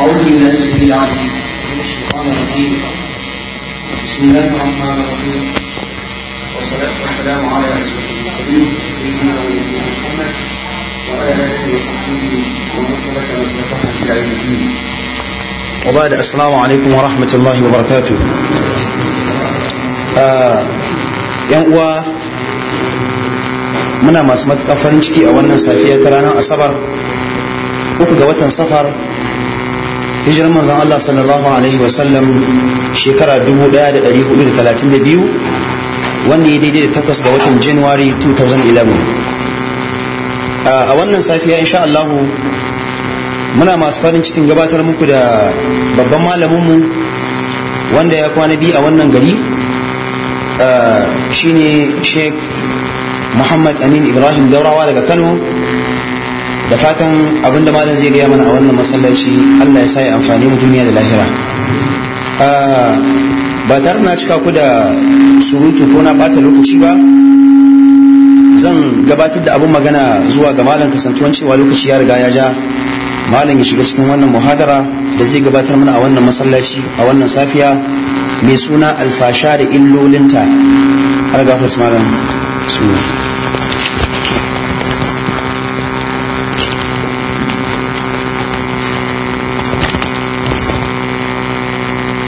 أعوذ بالله السميع العليم من الشيطان الرجيم بسم الله الرحمن الرحيم والصلاة والسلام على رسول الله سيدنا ونبينا محمد وعلى آله وصحبه ومن سلك مسلكه إلى يوم الدين وبعد السلام عليكم ورحمة الله وبركاته yan آه، uwa منا ما سمعت أفرنشكي أو a سافية ترانا أصبر ranar asabar صفر hijirar manzan Allah sallallahu alaihi wasallam shekara 1432 wanda ya daidai da takwas ga watan January 2011 a wannan safiya insha Allah muna masu farin cikin gabatar muku da babban malaminmu wanda ya kwana biyu a wannan gari shine Sheikh Muhammad Amin Ibrahim Daurawa daga Kano da fatan abin da malam zai gaya mana a wannan masallaci Allah ya sa ya amfani mu duniya da lahira ah, ba tare na cika ku da surutu ko na bata lokaci ba zan gabatar da abun magana zuwa ga malam kasantuwan cewa lokaci ya riga ya ja malam ya shiga cikin wannan muhadara da zai gabatar mana a wannan masallaci a wannan safiya mai suna alfasha da illolinta har gafas malam sunan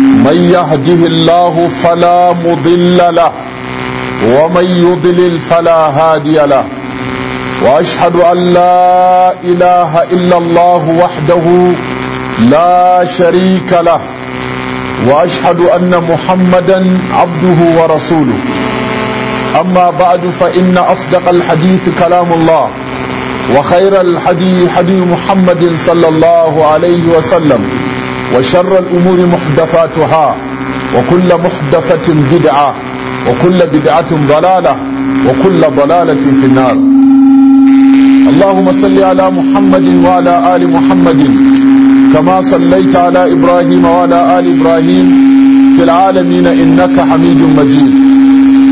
من يهده الله فلا مضل له ومن يضلل فلا هادي له واشهد ان لا اله الا الله وحده لا شريك له واشهد ان محمدا عبده ورسوله اما بعد فان اصدق الحديث كلام الله وخير الحديث حديث محمد صلى الله عليه وسلم وشر الأمور محدثاتها وكل محدثة بدعة وكل بدعة ضلالة وكل ضلالة في النار اللهم صل على محمد وعلى آل محمد كما صليت على إبراهيم وعلى آل إبراهيم في العالمين إنك حميد مجيد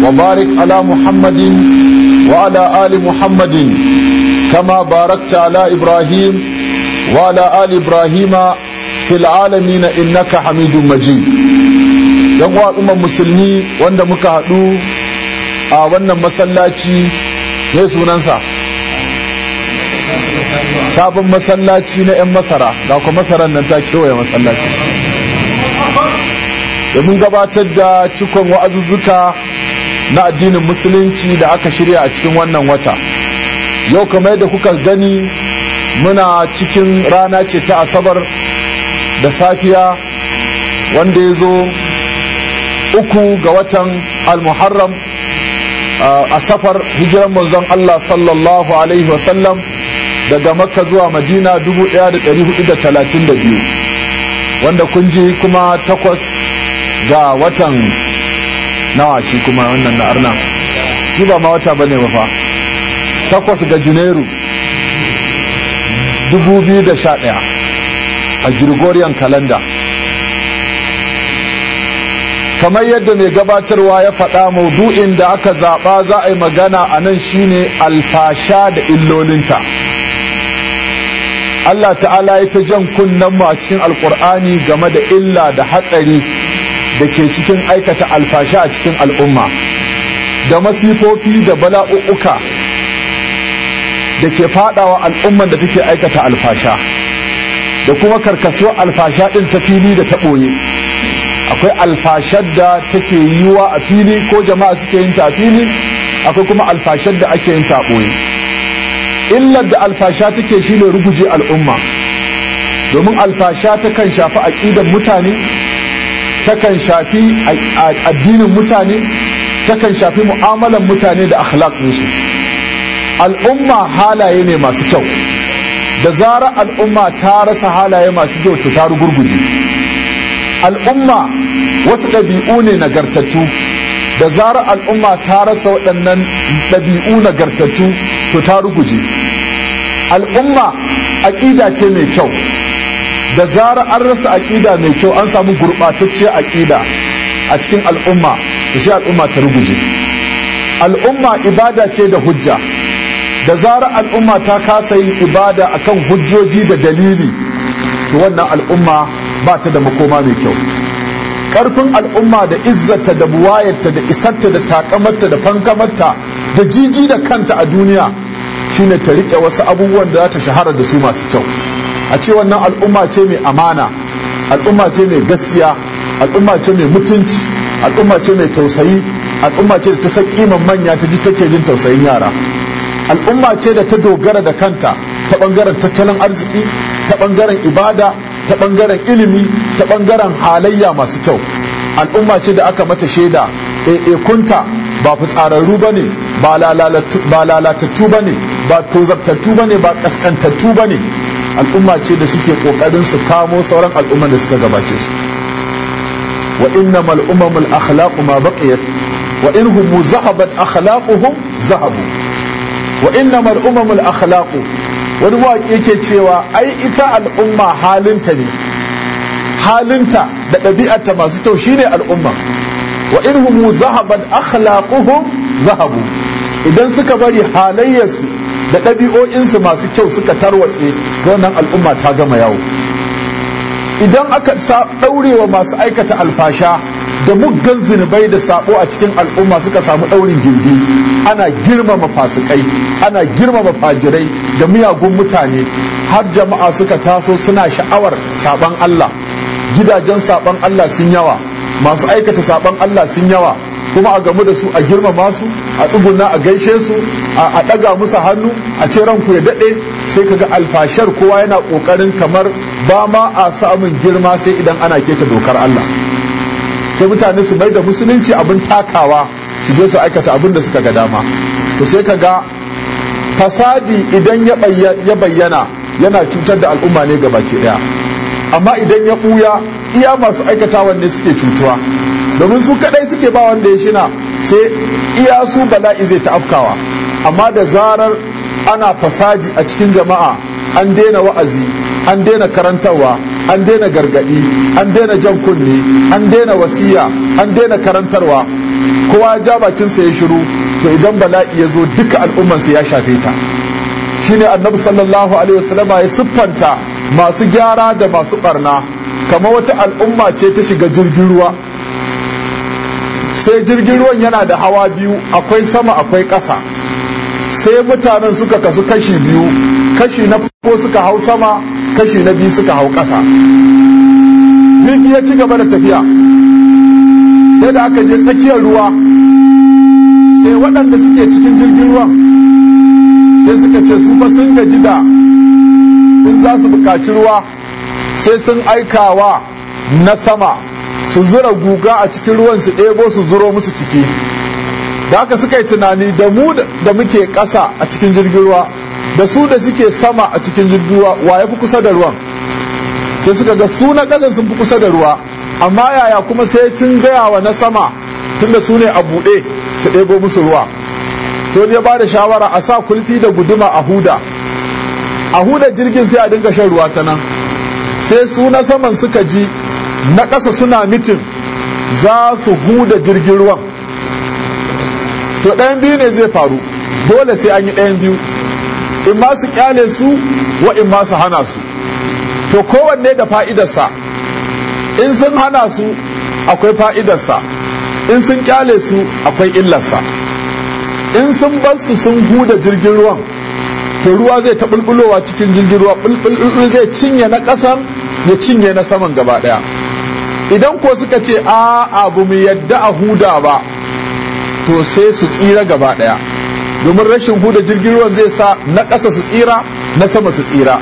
وبارك على محمد وعلى آل محمد كما باركت على إبراهيم وعلى آل إبراهيم fil alamin innaka hamidu majid yan uwa al'umman musulmi wanda muka haɗu a wannan masallaci ne sunansa sabon masallaci na 'yan masara ga kuma masaran nan ta kewaye masallaci mun gabatar da cikon wa'azuzzuka na addinin musulunci da aka shirya a cikin wannan wata yau kamar yadda kuka gani muna cikin rana ce ta asabar da safiya wanda ya zo uku ga watan al-muharram uh, a safar hijiran manzon Allah sallallahu alaihi wasallam daga makka zuwa madina 1432 wanda kun ji kuma takwas ga watan nawa shi kuma wannan na arna shi ba ma wata bane ba fa takwas ga janairu 2011 a gregorian calendar kamar yadda mai gabatarwa ya faɗa maudu'in da aka zaɓa za a yi magana a nan shine alfasha da illolinta Allah ta'ala ya ta jan kunnen mu a cikin alkur'ani game da illa da hatsari da ke cikin aikata alfasha a cikin al'umma da masifofi da bala'u'uka da ke faɗawa al'umman da take aikata alfasha. da kuma karkasuwar alfasha ɗin ta fili da ta ɓoye akwai alfashar da take yiwa a fili ko jama'a suke yin ta a fili akwai kuma alfashar da ake yin ta illar da alfasha take shi ne ruguje al'umma domin alfasha ta kan shafi aƙidar mutane ta kan shafi addinin mutane ta kan shafi mu'amalan mutane da akhlaq su al'umma halaye ne masu kyau da zara al'umma ta rasa halaye masu kyau to ta rugurguje al'umma wasu ɗabi'u ne nagartattu da zara al'umma ta rasa waɗannan ɗabi'u nagartattu to ta ruguje al'umma aƙida ce mai kyau da zara an rasa aƙida mai kyau an samu gurɓatacciyar aƙida a cikin al'umma da shi al'umma ta ruguje al'umma ibada ce da hujja da zarar al'umma ta kasa yin ibada akan hujjoji da dalili da wannan al'umma ba ta da makoma mai kyau ƙarfin al'umma da izzata da buwayarta da isarta da takamarta da fankamarta da jiji da kanta a duniya shine ta riƙe wasu abubuwan da za ta shahara da su masu kyau a ce wannan al'umma ce mai amana al'umma ce mai gaskiya al'umma ce mai mutunci al'umma ce mai tausayi al'umma ce da ta san ma manya ta ji take jin tausayin yara al'umma ce da ta dogara da kanta ta ɓangaren tattalin arziki ta ɓangaren ibada ta ɓangaren ilimi ta ɓangaren halayya masu kyau al'umma ce da aka mata shaida ɗaiɗaikunta ba fitsararru ba ne ba lalatattu ba ne ba tozartattu ba ne ba ƙasƙantattu ba ne al'umma ce da suke ƙoƙarin su kamo sauran al'umman da suka gabace su wa inna mal umamul akhlaqu ma baqiyat wa in hum zahabat akhlaquhum zahabu wa mar umamul akhlaqu wani waƙi yake cewa ai ita al'umma halinta ne halinta da ɗabi'arta masu kyau shine al'umma wa in humu zahaban akhlaquhum zahabu idan suka bari halayyarsu da ɗabi'o'insu masu kyau suka tarwatse wannan al'umma ta gama yawo idan aka ɗaurewa masu aikata alfasha da muggan zinubai da sabo a cikin al'umma suka samu daurin gindi ana girmama fasikai ana girmama fajirai da miyagun mutane har jama'a suka taso suna sha'awar saban Allah gidajen saban Allah sun yawa masu aikata saban Allah sun yawa kuma a gamu da su a girmama su a tsuguna a gaishe su a ɗaga musu hannu a ce ranku ya daɗe sai kaga alfashar kowa yana kokarin kamar ba ma a samun girma sai idan ana keta dokar Allah sai mutane su bai da musulunci abin takawa su je su aikata abin da suka ga dama to sai ka ga fasadi idan ya bayyana yana cutar da al'umma ne ga baki daya amma idan ya buya iya masu aikata ne suke cutuwa domin su kadai suke ba wanda ya shina sai iya su bala'i zai ta afkawa amma da zarar ana fasadi a cikin jama'a an daina wa'azi an daina karantarwa an daina gargadi an daina jan kunne an daina wasiya an daina karantarwa kowa ya ja sa ya shiru to idan bala'i ya zo duka sa ya shafe ta shine annabi sallallahu alaihi wasallama ya siffanta masu gyara da masu barna kamar wata al'umma ce ta shiga jirgin ruwa sai jirgin ruwan yana da hawa biyu akwai sama akwai ƙasa sai mutanen suka kasu kashi biyu kashi na farko suka hau sama kashi na biyu suka hau ƙasa jirgi ya ci gaba da tafiya sai da aka je tsakiyar ruwa sai waɗanda suke cikin jirgin ruwan sai suka ce su fa sun gaji da in za su buƙaci ruwa sai sun aikawa na sama su zura guga a cikin ruwan su ɗebo su zuro musu ciki da aka suka yi tunani da mu da muke ƙasa a cikin jirgin ruwa da su da suke sama a cikin jirgin ruwa wa ya kusa da ruwan sai suka ga su na ƙasan sun fi kusa da ruwa amma yaya kuma sai cin gaya wa na sama tunda su ne a buɗe su ɗebo musu ruwa sai wani ya ba da shawara a sa kulfi da guduma a huda a huda jirgin sai a dinga shan ruwa ta nan sai su na saman suka ji na ƙasa suna mitin za su huda jirgin ruwan to ɗayan biyu ne zai faru dole sai an yi ɗayan biyu in ma su kyale su wa in ma su hana su to kowanne da fa'idarsa in sun hana su akwai fa'idarsa in sun kyale su akwai illarsa in sun bar su sun huda jirgin ruwan to ruwa zai ta bulbulowa cikin jirgin ruwa bulbul zai cinye na ƙasan ya cinye na saman gaba daya idan ko suka ce a abu mu yadda a huda ba to sai su tsira gaba ɗaya domin rashin huda jirgin ruwan zai sa na ƙasa su tsira na sama su tsira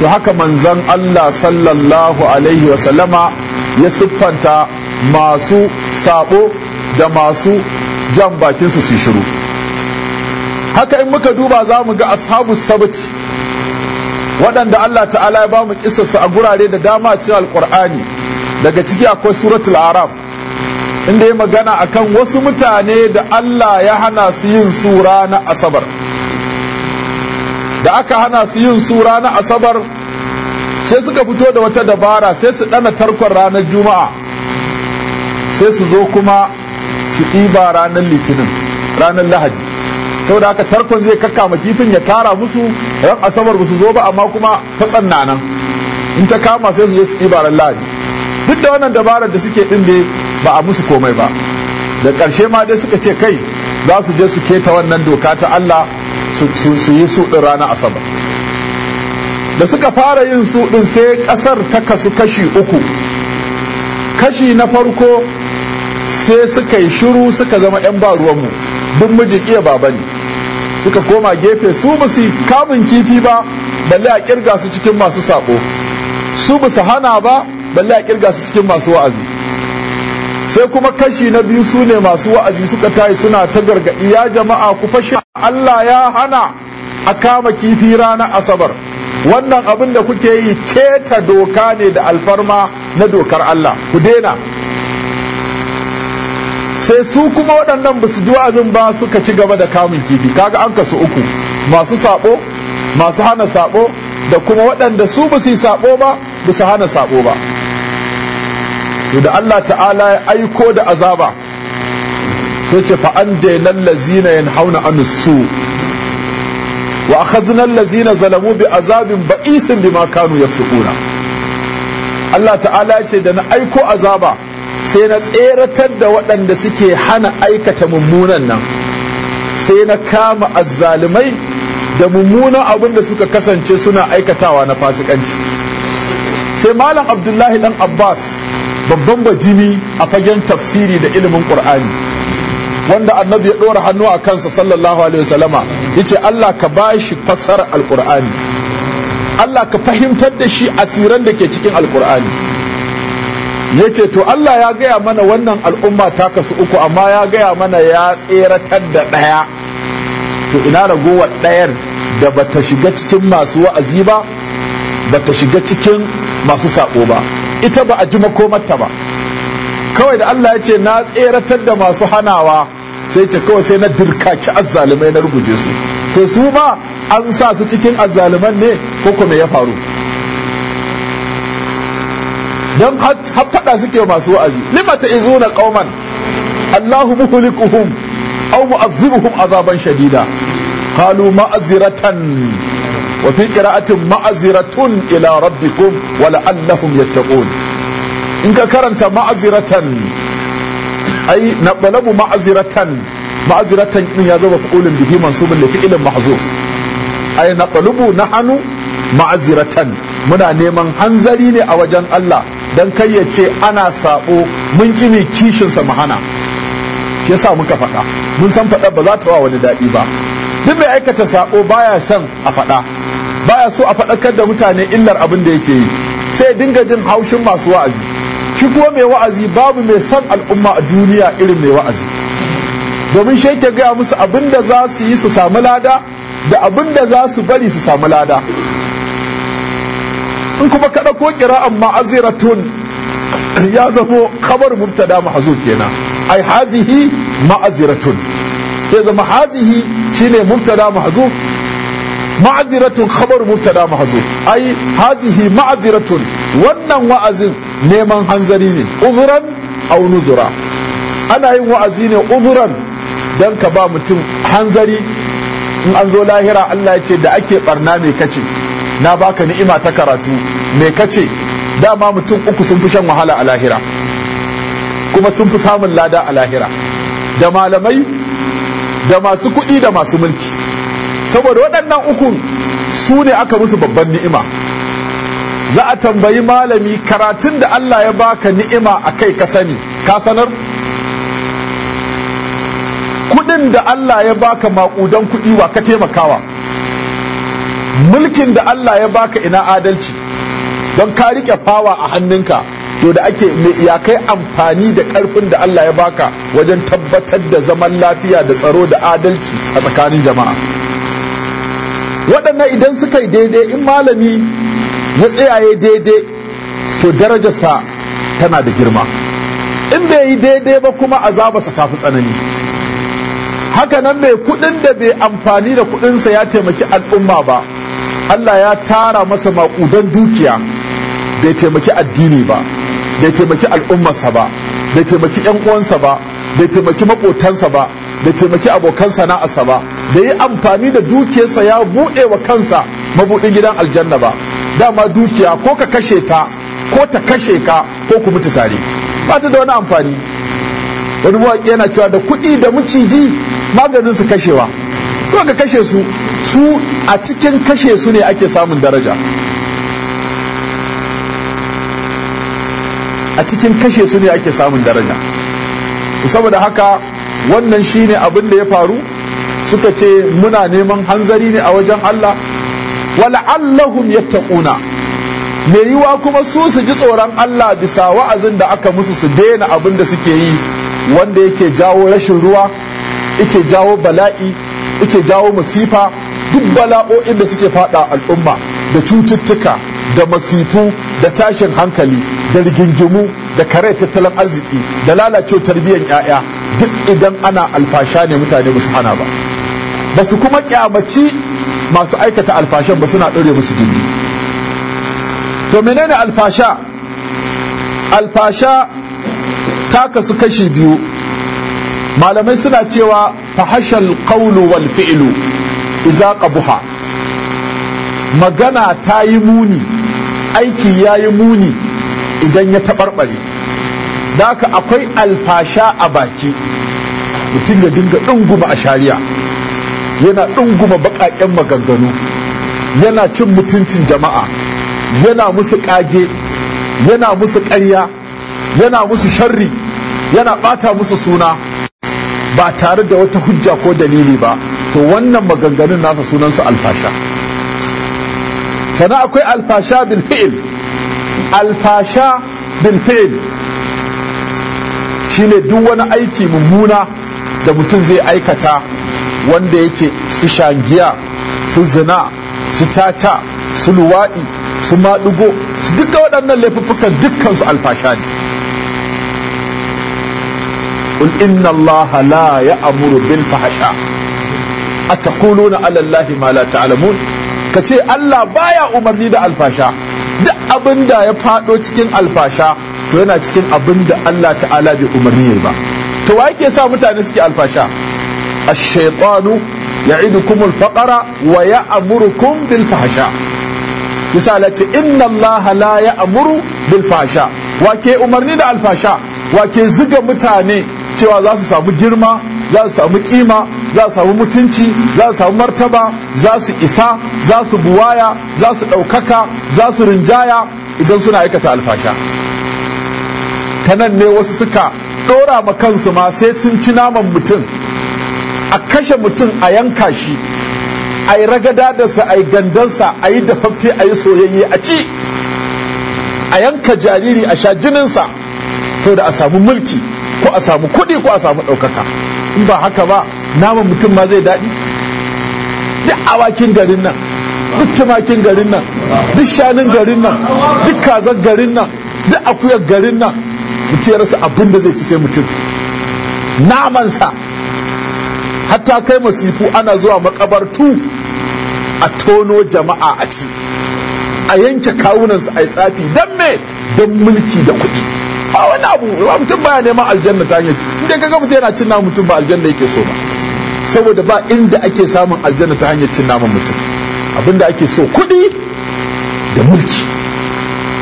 to haka manzon Allah sallallahu alaihi wasallama ya siffanta masu sabo da masu jan bakinsu su shiru haka in muka duba za mu ga ashabu sabati waɗanda Allah ta'ala ya ba mu a gurare da dama cikin alƙur'ani daga ciki akwai suratul araf inda ya magana akan wasu mutane da Allah ya hana su yin sura na asabar da aka hana su yin sura na asabar sai suka fito da wata dabara sai su dana tarkon ranar juma'a sai su zo kuma su ɗiba ranar litinin ranar lahadi saboda haka tarkon zai kakkama kifin ya tara musu ran asabar ba su zo ba amma kuma fatsan na in ta kama sai su zo su ɗiba ran lahadi duk da wannan dabarar da suke ɗin dai ba a musu komai ba da ƙarshe ma dai suka ce kai za su je su keta wannan doka ta Allah su yi su rana asabar da suka fara yin suɗin sai ƙasar ta kasu kashi uku kashi na farko sai suka yi shiru suka zama 'yan ba ruwanmu duk mijin iya baba ne suka koma gefe su ba su kamun kifi ba balle a kirga su cikin masu saƙo su ba su hana ba balle a kirga su cikin masu wa'azi sai kuma kashi na biyu su ne masu wa'azi suka tayi suna ta gargaɗi ya jama'a ku fashe Allah ya hana a kama kifi ranar asabar wannan abin da kuke yi keta doka ne da alfarma na dokar Allah ku daina sai su kuma waɗannan ba su ji wa'azin ba suka ci gaba da kamun kifi kaga an kasu uku masu sabo masu hana sabo da kuma waɗanda su ba su yi sabo ba ba su hana sabo ba to da Allah ta'ala ya aiko da azaba sai ce fa'an jainan lazina yan hauna anisu wa khazinan lazina zalamu bi azabin ba'isin bima kanu yafsukuna Allah ta'ala ya ce da na aiko azaba sai na tseratar da waɗanda suke hana aikata mummunan nan sai na kama azzalumai da mummunan abin da suka kasance suna aikatawa na fasikanci sai malam abdullahi dan abbas babban bajimi a fagen tafsiri da ilimin qur'ani wanda annabi ya ɗora hannu a kansa sallallahu alaihi wasallama ce Allah ka ba shi fassara alqur'ani Allah ka fahimtar da shi asiran da ke cikin alqur'ani ya ce to Allah ya gaya mana wannan al'umma ta kasu uku amma ya gaya mana ya tseratar da ɗaya to ina ragowar ɗayar da bata shiga cikin masu wa'azi ba ba ta shiga cikin masu saƙo ba ita ba a ji makomarta ba kawai da Allah ya ce na tseratar da masu hanawa sai ce kawai sai na dirkaci azzalumai na ruguje su to su ma an sa su cikin azzaluman ne ko kuma ya faru don haɗa suke masu wa'azi limata izuna qauman Allahu muhlikuhum aw mu'azzibuhum azaban shadida qalu ma'aziratan wa fi qira'atin ma'aziratun ila rabbikum wa la'allahum yattaqun in ka karanta ma'aziratan ai naqlabu ma'aziratan ma'aziratan din ya zama fi'ulun bihi mansubun li fi'lin mahzuf ai naqlubu nahnu ma'aziratan muna neman hanzari ne a wajen Allah dan kai ya ce ana sabo mun kimi kishinsa mu hana shi yasa muka faɗa mun san faɗa ba za ta wa wani daɗi ba duk mai aikata saƙo baya son a faɗa baya so a faɗakar da mutane illar abin da yake yi sai dinga jin haushin masu wa'azi shi kuwa mai wa'azi babu mai san al'umma a duniya irin mai wa'azi domin shi yake gaya musu abin da za su yi su samu lada da abin da za su bari su samu lada in kuma ka ɗauko kira'an ma'aziratun ya zamo kabar mubtada mahzuf kenan ai hazihi ma'aziratun sai zama hazihi shine mubtada mahzu ma'aziratun khabar mubtada mahzuf ai hazihi ma'aziratun wannan wa'azin neman hanzari ne uzran aw nuzura ana yin wa'azi ne uzran dan ka ba mutum hanzari in an zo lahira Allah ya ce da ake barna mai kace na baka ni'ima ta karatu mai kace dama mutum uku sun fi shan wahala a lahira kuma sun fi samun lada a lahira da malamai da masu kuɗi da masu mulki saboda waɗannan ukun su ne aka musu babban ni'ima za a tambayi malami karatun da Allah ya baka ni'ima a kai ka sani ka sanar kudin da Allah ya baka maƙudan kuɗi wa ka taimakawa mulkin da Allah ya baka ina adalci don ka riƙe fawa a hannunka to da ake ya kai amfani da ƙarfin da Allah ya baka wajen tabbatar da zaman lafiya da tsaro da adalci a tsakanin jama'a waɗannan idan suka yi daidai in malami ya tsayaye daidai to darajarsa tana da girma in bai yi daidai ba kuma azabarsa ta fi tsanani hakanan nan mai kuɗin da bai amfani da kuɗinsa ya taimaki al'umma ba Allah ya tara masa maƙudan dukiya bai taimaki addini ba bai taimaki al'ummarsa ba bai taimaki 'yan uwansa ba bai taimaki maƙotansa ba bai taimaki abokan sana'arsa ba da yi amfani da dukiyarsa ya buɗe wa kansa mabuɗin gidan aljanna ba dama dukiya ko ka kashe ta ko ta kashe ka ko ku mutu tare ba ta da wani amfani wani waƙi yana cewa da kuɗi da maciji maganin su kashewa ko ka kashe su su a cikin kashe su ne ake samun daraja a cikin kashe su ne ake samun daraja saboda haka wannan shine abin da ya faru suka ce muna neman hanzari ne a wajen Allah wala'allahum yattaquna me yiwa kuma su su ji tsoron Allah bisa wa'azin da aka musu su daina abin da suke yi wanda yake jawo rashin ruwa yake jawo bala'i yake jawo masifa duk bala'o'in da suke fada al'umma da cututtuka da masifu da tashin hankali da rigingimu da kare tattalin arziki da lalacewar tarbiyyar 'ya'ya duk idan ana alfasha ne mutane musu hana ba ba su kuma kyamaci masu aikata alfashan ba suna ɗore musu gindi to menene alfasha alfasha ta kasu kashi biyu malamai suna cewa fahashal qawlu wal fi'lu iza qabuha magana ta yi muni aiki ya yi muni idan ya taɓarɓare da haka akwai alfasha a baki mutum ya dinga ɗunguma a shari'a yana ɗunguma baƙaƙen maganganu yana cin mutuncin jama'a yana musu ƙage yana musu ƙarya yana musu sharri yana ɓata musu suna ba tare da wata hujja ko dalili ba to wannan maganganun nasa sunansu alfasha sana akwai alfasha bil alfasha bil fi'il shine duk wani aiki mummuna da mutum zai aikata Wanda yake su shan giya su zina su caca su luwaɗi su maɗugo su duka waɗannan laifukan dukkansu alfasha ne.Ul'innallahu alayyahu amurabil fasha a takulu na alayyahu anhala ta'alamu. Ka ce Allah baya umarni da alfasha duk abin da ya faɗo cikin alfasha to yana cikin abin da Allah ta'ala bai umarni ya ba. To wa ke sa mutane suke alfasha? الشيطان يعدكم الفقر ويأمركم بالفحشاء misalacin inna Allah la ya amuru bil fasha wake umarni da alfasha wake ziga mutane cewa za su samu girma za su samu kima za su samu mutunci za su samu martaba za su isa za su buwaya za su ɗaukaka za su rinjaya idan suna aikata alfasha ta nan ne wasu suka ɗora ma kansu ma sai sun ci naman mutum a kashe mutum a yanka shi a yi ragada da sa a yi gandansa a yi dafaffe a yi soyayye a ci a yanka jariri a sha jininsa sau da a samu mulki ko a samu kuɗi ko a samu ɗaukaka in ba haka ba naman mutum ma zai daɗi duk awakin garin nan duk tumakin garin nan duk shanun garin nan duk kazan garin nan duk akuyar garin nan mutum ya rasa abin da zai ci sai mutum namansa hatta kai masifu ana zuwa makabartu a tono jama'a a ci a yanke kawunansu a yi tsafi don me don mulki da kuɗi a wani abu mutum baya neman aljanna ta hanyar inda ka mutum yana cin namun mutum ba aljanna yake so ba saboda ba inda ake samun aljanna ta hanyar cin namun mutum abinda ake so kuɗi da mulki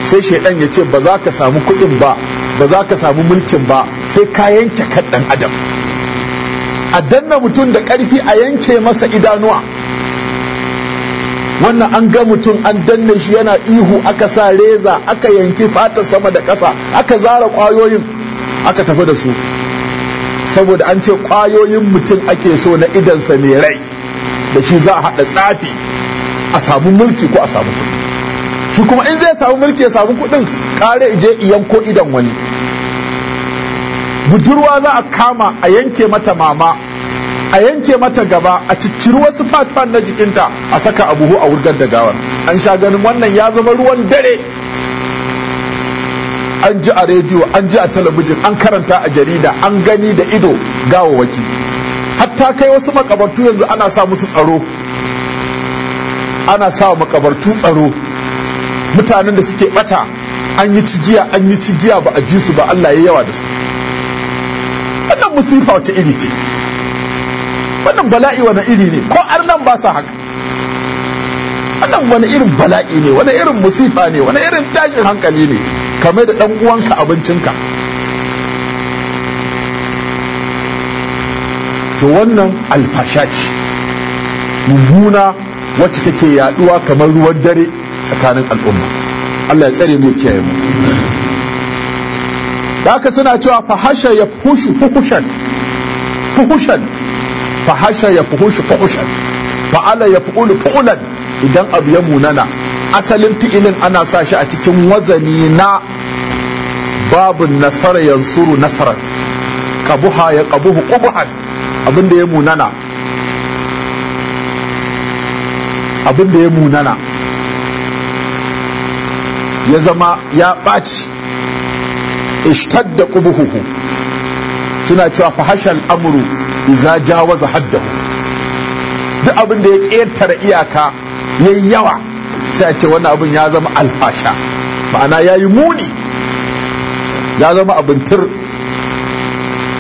sai shaidan ya ce ba za ka samu kuɗin ba ba za ka samu mulkin ba sai ka yanke kan ɗan adam a danna mutum da ƙarfi a yanke masa idanuwa wannan an ga mutum an danne shi yana ihu aka sa reza aka yanki fata sama da ƙasa aka zara ƙwayoyin aka tafi da su saboda an ce ƙwayoyin mutum ake so na idansa mai rai da shi za a haɗa tsafi a samu mulki ko a samu kuɗi shi kuma in zai samu mulki ya samu kuɗin ƙare ije iyan ko idan wani budurwa za a kama a yanke mata mama a yanke mata gaba a cicciri wasu fatfan na jikinta a saka a buhu a wurgar da gawar an sha ganin wannan ya zama ruwan dare an ji a rediyo an ji a talabijin an karanta a jarida an gani da ido gawawaki hatta kai wasu makabartu yanzu ana sa musu tsaro ana sa makabartu tsaro mutanen da suke bata an yi cigiya an yi cigiya ba a ji su ba Allah ya yawa da su musifa wata iri ce wannan bala'i wani iri ne ko nan ba sa haka wannan wani irin bala'i ne wani irin musifa ne wani irin tashin hankali ne kamar da dan uwanka abincinka to wannan alfasha ce mummuna wacce take yaduwa kamar ruwan dare tsakanin al'umma Allah ya tsare mu kiyaye mu da haka suna cewa fahasha ya fuhushu fuhushan fuhushan fahasha ya fuhushu fuhushan fa'ala ya fuhulu fuhulan idan abu ya munana asalin fi'ilin ana sa shi a cikin wazani na babin nasara yansuru nasarar kabuha ya kabuhu kubuhan abinda ya munana abinda ya munana ya zama ya ɓaci ishtadda qubuhu suna cewa fahashal amru iza jawaza haddahu duk abin da ya ƙetare iyaka yayi yawa sai a ce wannan abin ya zama alfasha ma'ana yayi muni ya zama abin tur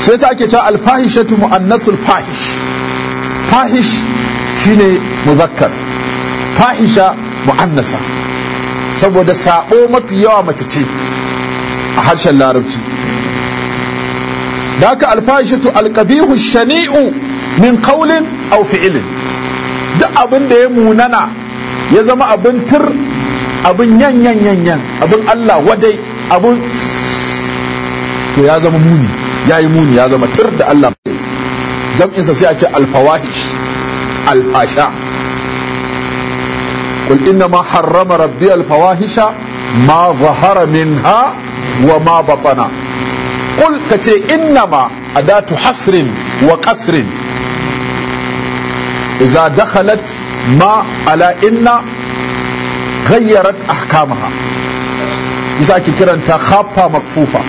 shi yasa ake cewa alfahishatu mu'annasul fahish fahish shine muzakkar fahisha mu'annasa saboda sabo mafi yawa mace ce a harshen larabci da haka alfashatu alkabihu shani'u min kaulin au fi'ilin duk abin da ya munana ya zama abin tur abin yan yan yan yan abin Allah wadai abin to ya zama muni ya yi muni ya zama tur da Allah jam'insa sai a ce alfawahish alfasha قل إنما rabbi ربي الفواحش ما ظهر ha. wa ma batana kul ka ce innama adatu hasrin wa kasrin idza dakhalat ma ala inna ghayyarat ahkamaha isa ake kiranta khaffa makfufa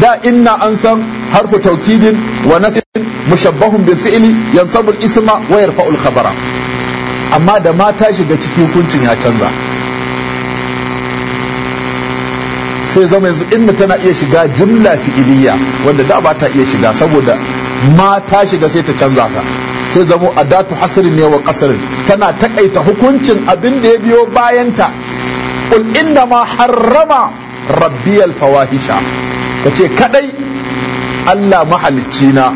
da inna an san harfu taukidin wa nasbin mushabbahun bil fi'li yansabu al isma wayar yarfa'u al amma da ma ta shiga cikin hukuncin ya canza sai zama yanzu inna tana iya shiga jimla fi'iliya wanda da ba ta iya shiga saboda ma ta shiga sai ta canza ta sai zamo a ta hasirin ne wa kasarin tana takaita hukuncin abin da ya biyo bayanta ƙul inda ma harrama rabbiyal fawahisha kace kadai Allah mahalicci na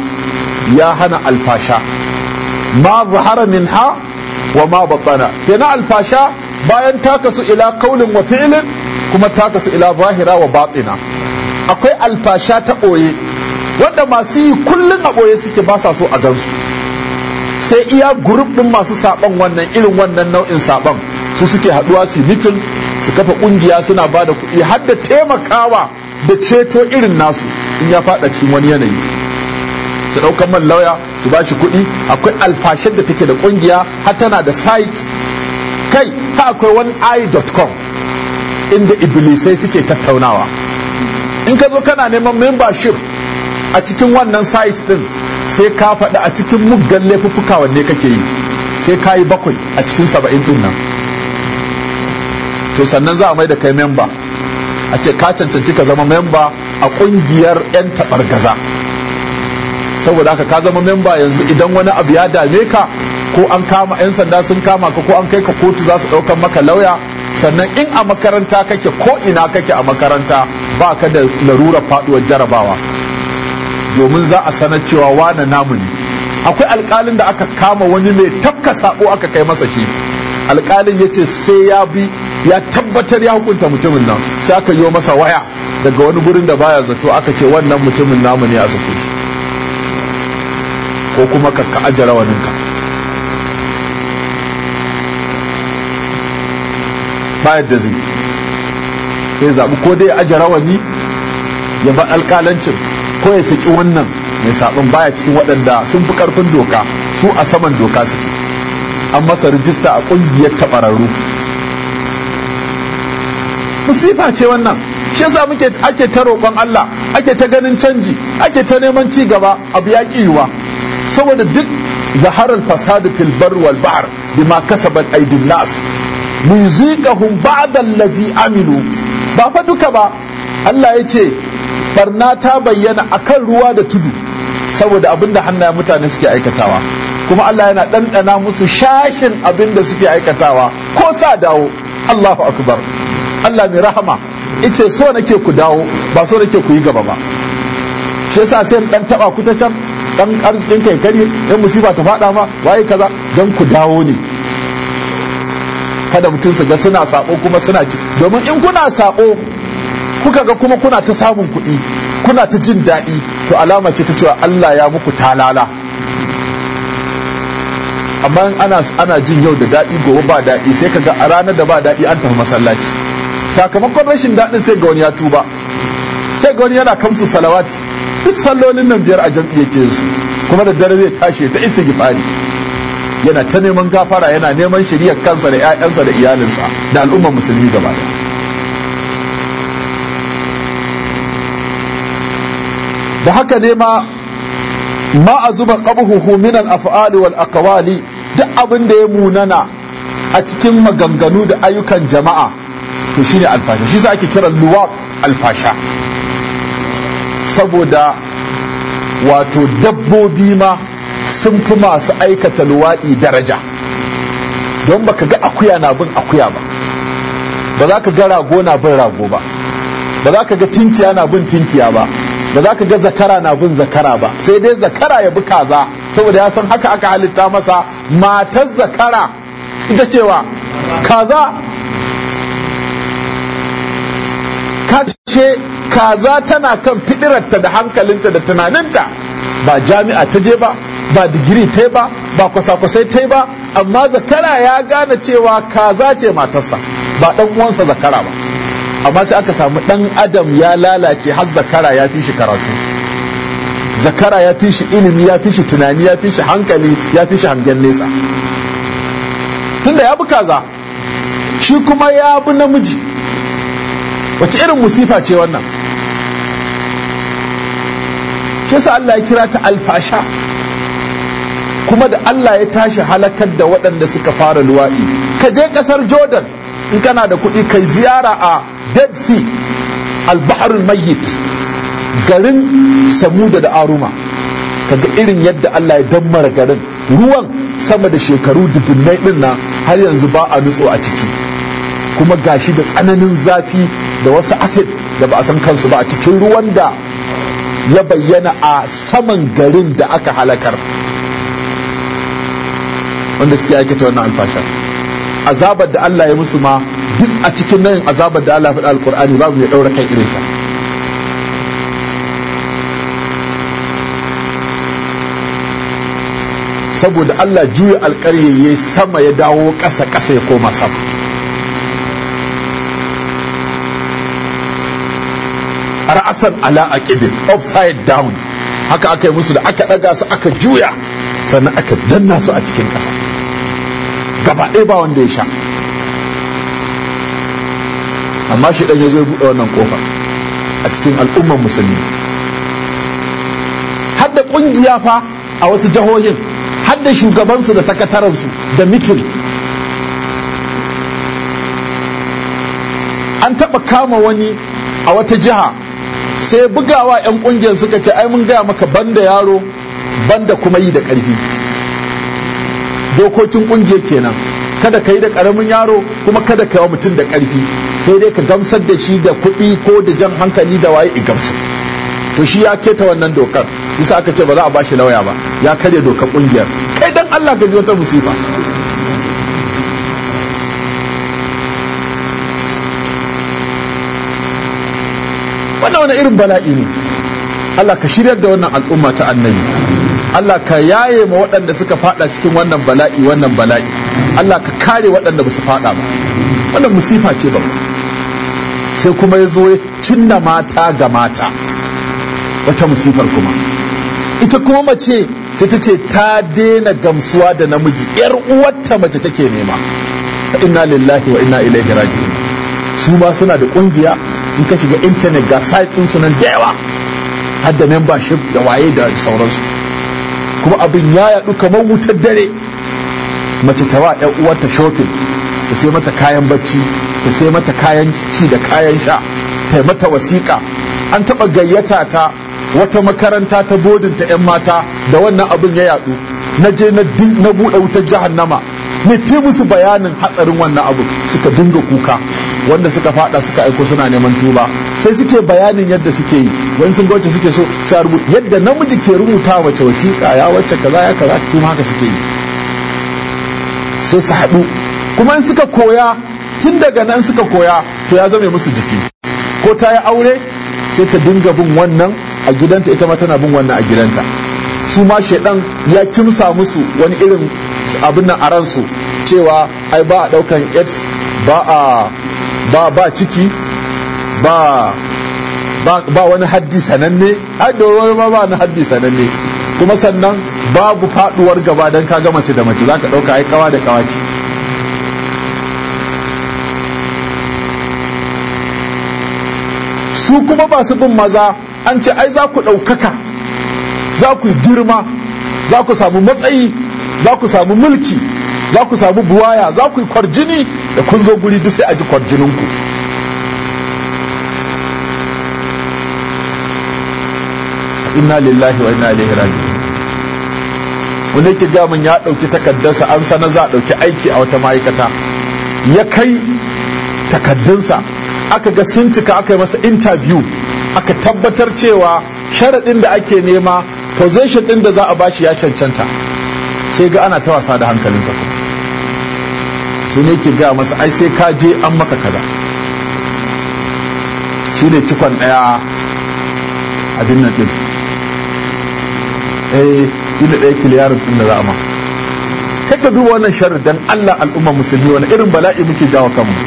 ya hana alfasha ma zahara ha wa ma batana na alfasha bayan ta su ila kaulin wa fi'ilin. kuma ta kasu ila zahira wa batina akwai alfasha ta ɓoye wanda masu yi kullum a ɓoye suke ba sa so a gansu sai iya gurup ɗin masu saɓan wannan irin wannan nau'in saɓan su suke haɗuwa su mitin su kafa ƙungiya suna ba da kuɗi har da taimakawa da ceto irin nasu in ya faɗa cikin wani yanayi su ɗaukan man lauya su ba shi kuɗi akwai alfashar da take da ƙungiya har tana da site kai ta akwai wani i.com inda iblisai suke tattaunawa in ka zo kana neman membership a cikin wannan site din sai ka faɗi a cikin muggan laifuffuka wanne kake yi sai ka yi bakwai a cikin saba'in din nan to sannan za a mai da kai memba a ce ka cancanci ka zama memba a ƙungiyar 'yan taɓargaza saboda haka ka zama memba yanzu idan wani abu ya dame ka ko an kama 'yan sanda sun kama ka ko an kai ka kotu za su ɗaukan maka lauya sannan in a makaranta kake ko ina kake a makaranta ba ka da larurar faduwar jarabawa domin za a sanar cewa wane namuni akwai alkalin da aka kama wani mai tafka sako aka kai masa shi alkalin ya ce sai ya bi ya tabbatar ya hukunta mutumin nan sai aka yi masa waya daga wani gurin da baya zato aka ce wannan mutumin namuni ne a sako shi ko kuma ka ka ajara bayar da zai sai zaɓi ko dai aje rawani ya ba alƙalancin ko ya saki wannan mai saɓin baya cikin waɗanda sun fi ƙarfin doka su a saman doka suke an masa rijista a ƙungiyar taɓararru musifa ce wannan shi yasa muke ake ta roƙon Allah ake ta ganin canji ake ta neman ci gaba abu ya yiwa saboda duk zaharar fasadu fil bar wal bahr bima kasabat aydin nas liziqahum ba'da lazi aminu ba fa duka ba Allah ya ce barna ta bayyana akan ruwa da tudu saboda abinda hannayen mutane suke aikatawa kuma Allah yana ɗanɗana musu shashin abinda suke aikatawa ko sa dawo Allahu akbar Allah mai rahama ice so nake ku dawo ba so nake ku yi gaba ba shi yasa sai dan taba ku ta can dan arzikin kai kare dan musiba ta fada ma waye kaza dan ku dawo ne kada mutum su ga suna sako kuma suna ci domin in kuna sako kuka ga kuma kuna ta samun kuɗi kuna ta jin daɗi to alama ce ta cewa Allah ya muku talala amma ana ana jin yau da daɗi gobe ba daɗi sai ka ga a ranar da ba daɗi an tafi masallaci sakamakon rashin daɗin sai ga wani ya tuba sai ga wani yana kamsu salawati duk sallolin nan biyar a jam'i yake su kuma da dare zai tashi ta istighfari yana ta neman gafara yana neman shirya kansa da 'ya'yansa da iyalinsa da al'ummar musulmi gaba da haka ne ma ma a zuba qabuhu min al-af'ali wal aqwali duk abin da ya munana a cikin maganganu da ayyukan jama'a to shine alfasha shi sa ake kiran luwaq alfasha saboda wato dabbobi ma sun fi masu aikata luwaɗi daraja don baka ga akuya na bin akuya ba ba za ka ga rago na bin rago ba ba za ka ga tinkiya na bin tinkiya ba ba za ka ga zakara na bin zakara ba sai dai zakara ya bi kaza saboda ya san haka aka halitta masa matar zakara ita cewa kaza kace kaza tana kan fidirarta da hankalinta da tunaninta ba jami'a ta je ba ba digiri ta ba ba kwasa-kwasai ta ba amma zakara ya gane cewa kaza ce matarsa ba dan uwansa zakara ba amma sai aka samu dan adam ya lalace har zakara ya fi shi karatu zakara ya fi shi ilimi ya fi shi tunani ya fi shi hankali ya fi shi hangen nesa tunda ya bi kaza shi kuma ya bi namiji wace irin musifa ce wannan shi Allah ya kira ta alfasha kuma da Allah ya tashi halakar da waɗanda suka fara luwaɗi ka je ƙasar jordan in kana da kuɗi kai ziyara a dead sea albaharul mayyit garin samuda da aruma kaga irin yadda Allah ya dammara garin ruwan sama da shekaru dubunnai ɗin na har yanzu ba a nutso a ciki kuma gashi da tsananin zafi da wasu acid da ba a san kansu ba a cikin ruwan da ya bayyana a saman garin da aka halakar wanda suke aikata wannan alfasha azabar da Allah ya musu ma duk a cikin nan azabar da Allah faɗa alƙur'ani babu ya ɗaura kan irin ta saboda Allah juya alƙarye ya sama ya dawo ƙasa ƙasa ya koma sama ra'asan ala aqibin upside down haka aka yi musu da aka ɗaga su aka juya sannan aka danna su a cikin ƙasa gaba ɗaya ba wanda ya sha amma shi ɗan ya zo buɗe wannan kofa a cikin al'ummar musulmi har da ƙungiya fa a wasu jihohin har shugabansu da sakataransu da mitin an taɓa kama wani a wata jiha sai bugawa 'yan ƙungiyar suka ce ai mun gaya maka banda yaro banda kuma yi da ƙarfi dokokin ƙungiyar kenan kada ka yi da karamin yaro kuma kada ka yi wa mutum da karfi sai dai ka gamsar da shi da kuɗi ko da jan hankali da waye i gamsu to shi ya keta wannan dokar bisa aka ce ba za a bashi lauya ba ya karya dokar kungiyar kai dan Allah ka wata musiba wannan wani irin bala'i ne Allah ka shiryar da wannan al'umma ta annabi Allah ka yaye ma waɗanda suka faɗa cikin wannan bala'i wannan bala'i Allah ka kare waɗanda ba su fada ba wannan musifa ce ba sai kuma ya zo ya cinna mata ga mata wata musifar kuma ita kuma mace sai ta ce ta daina gamsuwa da namiji yar uwarta mace take nema inna lillahi wa inna ilaihi raji'un su ma suna da kungiya in ka shiga intanet ga site su nan da yawa har da membership da waye da sauransu kuma abin ya yadu kamar wutar dare mace ta wa ɗan uwarta shopping ta sai mata kayan bacci ta sai mata kayan ci da kayan sha ta mata wasiƙa an taɓa gayyata ta wata makaranta ta bodin ta 'yan mata da wannan abin ya yadu na je na buɗe wutar jahannama ne te musu bayanin hatsarin wannan abu suka dinga kuka wanda suka fada suka aiko suna neman tuba sai suke bayanin yadda suke yi wani sun gauce suke so sai rubuta yadda namiji ke rubuta wace wasiƙa ya wacce kaza ya kaza su haka suke yi sai su haɗu kuma in suka koya tun daga nan suka koya to ya zame musu jiki ko ta yi aure sai ta dinga bin wannan a gidanta ita ma tana bin wannan a gidanta su ma shaidan ya kimsa musu wani irin abin nan a ransu cewa ai ba a daukan aids ba a ba ba ciki ba ba wani haddi sananne hadda wani ba ba haddi sananne kuma sannan babu faduwar gaba don ka ga mace da mace za zaka dauka ai kawa da kawa su kuma ba su bin maza an ce ai za ku ɗaukaka za ku girma za ku samu matsayi za ku samu mulki za ku samu buwaya za ku yi kwarjini da kun zo guri duk sai a ji kwarjininku inna lillahi wa inna ilaihi wanda yake gamin ya ɗauki takaddarsa an sana za a ɗauki aiki a wata ma'aikata ya kai takaddunsa aka ga sun cika aka yi masa interview aka tabbatar cewa sharaɗin da ake nema position ɗin da za a bashi ya cancanta sai ga ana ta wasa da sa su ne ke gaya masa ai sai ka je an maka kaza shi ne cikon ɗaya abin dinnan ɗin eh shi ne ɗaya kiliyaris ɗin da za a ma ka duba wannan sharri dan Allah al'umma musulmi wani irin bala'i muke jawo kanmu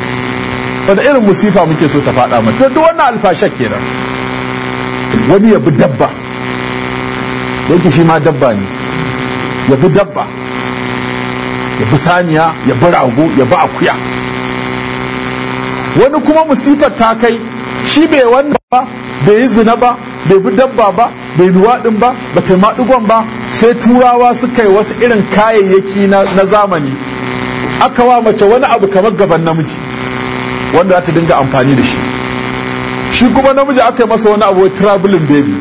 wani irin musifa muke so ta faɗa to duk wannan alfasha kenan wani ya bi dabba yake shi ma dabba ne ya bi dabba ya bi saniya ya bi rago ya bi akuya wani kuma musifar ta kai shi bai wanda ba bai yi zina ba bai bi dabba ba bai waɗin ba ba ta maɗigon ba sai turawa suka yi wasu irin kayayyaki na zamani aka wa mace wani abu kamar gaban namiji wanda za ta dinga amfani da shi shi kuma namiji aka yi masa wani abu traveling baby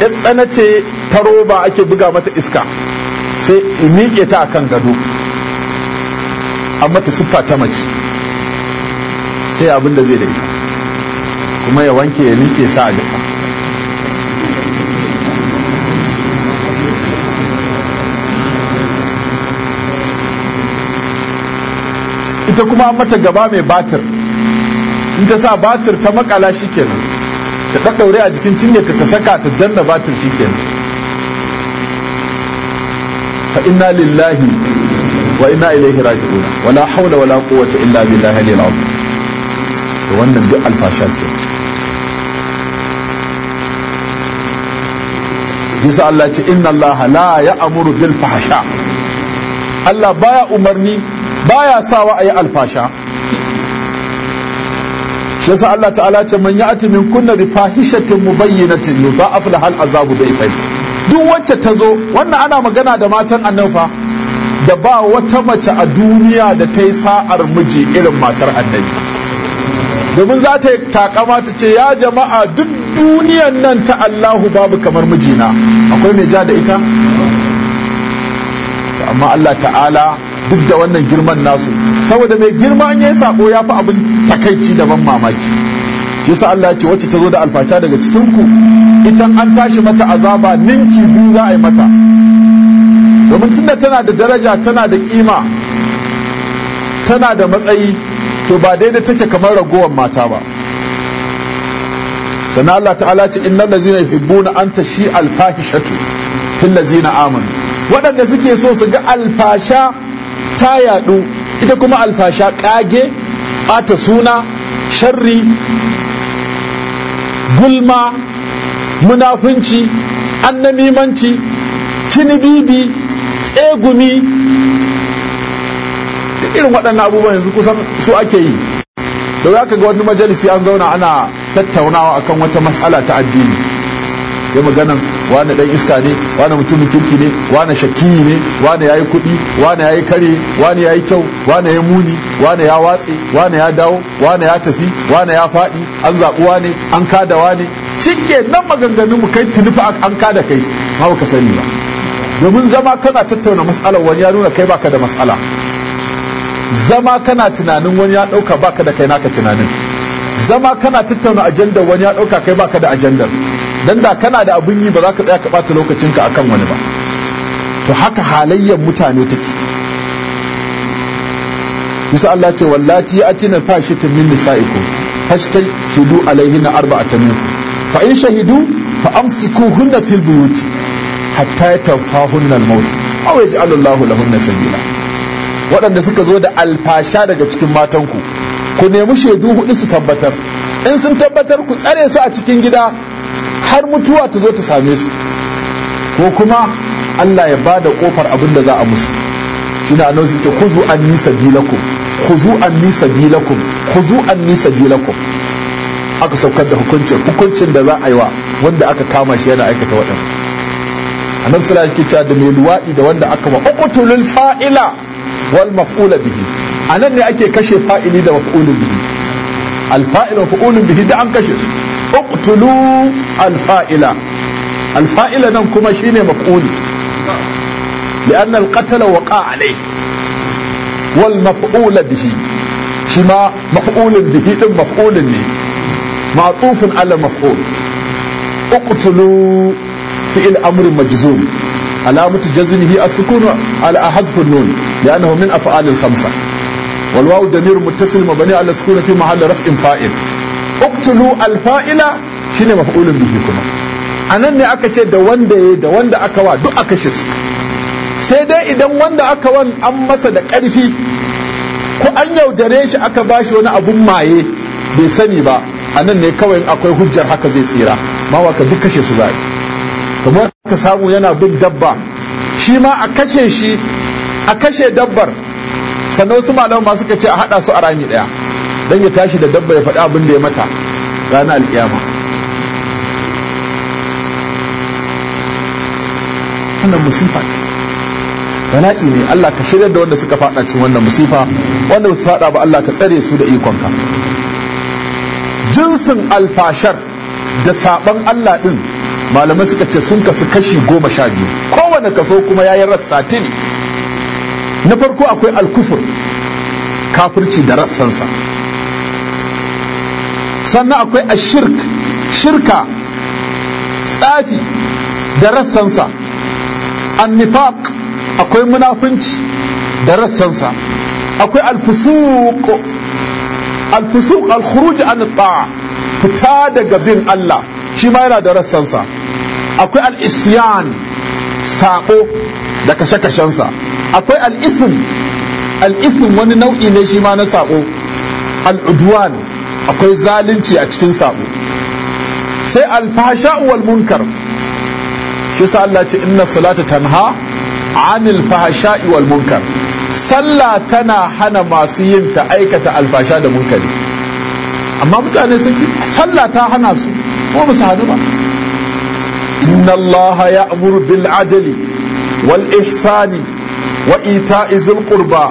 ya tsana ce ta roba ake buga mata iska sai in miƙe ta a kan gado an mata siffa ta mace sai abin da zai da ita kuma ya wanke ya miƙe sa a jika ita kuma an mata gaba mai batir in ta sa batir ta makala kenan ta ɗaɗɗaure a jikin cinye ta ta saka ta danna batir shi kenan fa inna lillahi wa inna ilaihi raji'un wala haula wala quwwata illa billahi al azim to wannan duk alfasha ce yasa Allah ce inna Allah la ya'muru bil fahsha Allah baya umarni baya sawa ayi alfasha shi Allah ta'ala ce man ya'ti kunna bi fahishatin mubayyinatin yudha'af lahal azabu dayfayn duk wacce ta zo wannan ana magana da matan annabi da ba wata mace a duniya da ta yi sa'ar miji irin matar annabi domin za ta yi takama ta ce ya jama'a duk duniyan nan ta allahu babu kamar mijina akwai mai ja da ita amma allah ta'ala duk da wannan girman nasu saboda mai girma ya yi sako ya fi abin takaici daban mamaki yasa Allah ya ce wacce ta zo da alfasha daga cikin ku ita an tashi mata azaba ninki biyu za a yi mata domin tunda tana da daraja tana da kima tana da matsayi to ba daidai take kamar ragowar mata ba sana Allah ta'ala ce innal ladzina yuhibbuna an tashi alfahishatu fil ladzina amanu waɗanda suke so su ga alfasha ta yadu ita kuma alfasha kage ɓata suna sharri gulma munafunci annamimanci cinibibi tsegumi da irin waɗannan abubuwan yanzu kusan su ake yi da za ka ga wani majalisi an zauna ana tattaunawa akan wata matsala ta addini ya maganan wani dan iska ne wani mutumin kirki ne wani shakki ne wani yayi kuɗi wani yayi kare wani yayi kyau wani yayi muni wani ya watse wani ya dawo wani ya tafi wani ya fadi an zaɓuwa ne an kadawa ne cike nan maganganun mu kai tunufa an kada kai ba ka sani ba domin zama kana tattauna matsalar wani ya nuna kai baka da matsala zama kana tunanin wani ya dauka baka da kai naka tunanin zama kana tattauna ajandar wani ya dauka kai baka da ajandar dan da kana da abun yi ba za ka tsaya ka bata lokacin ka akan wani ba to haka halayyar mutane take bisa Allah ce wallati atina fashitin min nisa'iku fashtai shidu alaihinna arba'atan min fa in shahidu fa hunna fil buyut hatta yatawfahunna al-maut aw yaj'alu Allahu lahunna sabila waɗanda suka zo da alfasha daga cikin matanku ku nemi shaidu hudu su tabbatar in sun tabbatar ku tsare su a cikin gida har mutuwa ta zo ta same su ko kuma Allah ya bada kofar abin da za a musu shi ne annabi ce khuzu anni sabilakum khuzu anni sabilakum khuzu anni sabilakum aka saukar da hukuncin hukuncin da za a yi wa wanda aka kama shi yana aikata wadan annabi sallallahu alaihi wasallam da mai luwadi da wanda aka ma uqtulul fa'ila wal maf'ul bihi anan ne ake kashe fa'ili da maf'ul bihi al fa'il wa maf'ul bihi da an kashe su uqtulu alfa'ila alfa'ila nan kuma shine maf'uli لأن القتل وقع عليه والمفعول به شما مفعول به إن مفعول به معطوف على مفعول اقتلوا فعل أمر مجزوم علامة جزمه السكون على حذف النون لأنه من أفعال الخمسة والواو ضمير متصل مبني على السكون في محل رفع فائل iqtulu alfa'ila shine maf'ulun bihi kuma anan ne aka ce da wanda yayi da wanda aka wa duk aka shi sai dai idan wanda aka wan an masa da karfi ko an yaudare shi aka bashi wani abun maye bai sani ba anan ne kawai akwai hujjar haka zai tsira ma ka duk kashe su zai kamar ka samu yana bin dabba shi ma a kashe shi a kashe dabbar sannan wasu malama ma suka ce a haɗa su a rami ɗaya dan ya tashi da dabba ya faɗi abin da ya mata ranar alkiyama wannan musifa ce bala'i ne Allah ka shirya da wanda suka fada cikin wannan musifa wanda ba su fada ba Allah ka tsare su da ikonka jinsin alfashar da saban Allah din malamai suka ce sun kasu kashi goma sha biyu kowane kaso kuma ya yi rassa tini na farko akwai alkufur kafirci da rassansa sannan akwai ashirka shirka tsafi da rassansa annifaq akwai munafunci da rassansa akwai alfusuq alfusuq alkhuruj an ta'a fita daga bin Allah shi ma yana da rassansa akwai al-isyan sabo da kashe-kashensa akwai al-ithm al-ithm wani nau'i ne shi ma na sabo al-udwan akwai zalunci a cikin sabo sai alfasha wal munkar shi sa Allah ce inna salata tanha anil fahsha wal munkar sallah tana hana masu yin ta aikata alfasha da munkari amma mutane sun sallah ta hana su kuma ba su hadu ba inna Allah ya'muru bil adli wal ihsani wa ita'i zil qurba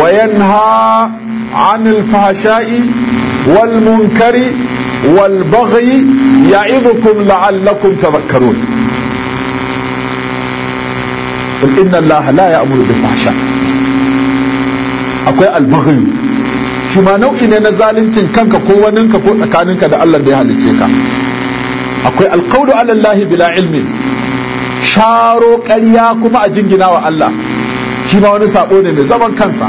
wa yanha anil fahsha'i والمنكر والبغي يعظكم لعلكم تذكرون قل إن الله لا يأمر بالفحشاء أقوى البغي shi ma nau'i ne na zaluncin kanka ko waninka ko tsakaninka da Allah da ya halicce ka akwai alqawlu ala Allah bila ilmi sharo karya kuma a jingina wa Allah shi ma wani sako ne mai zaman kansa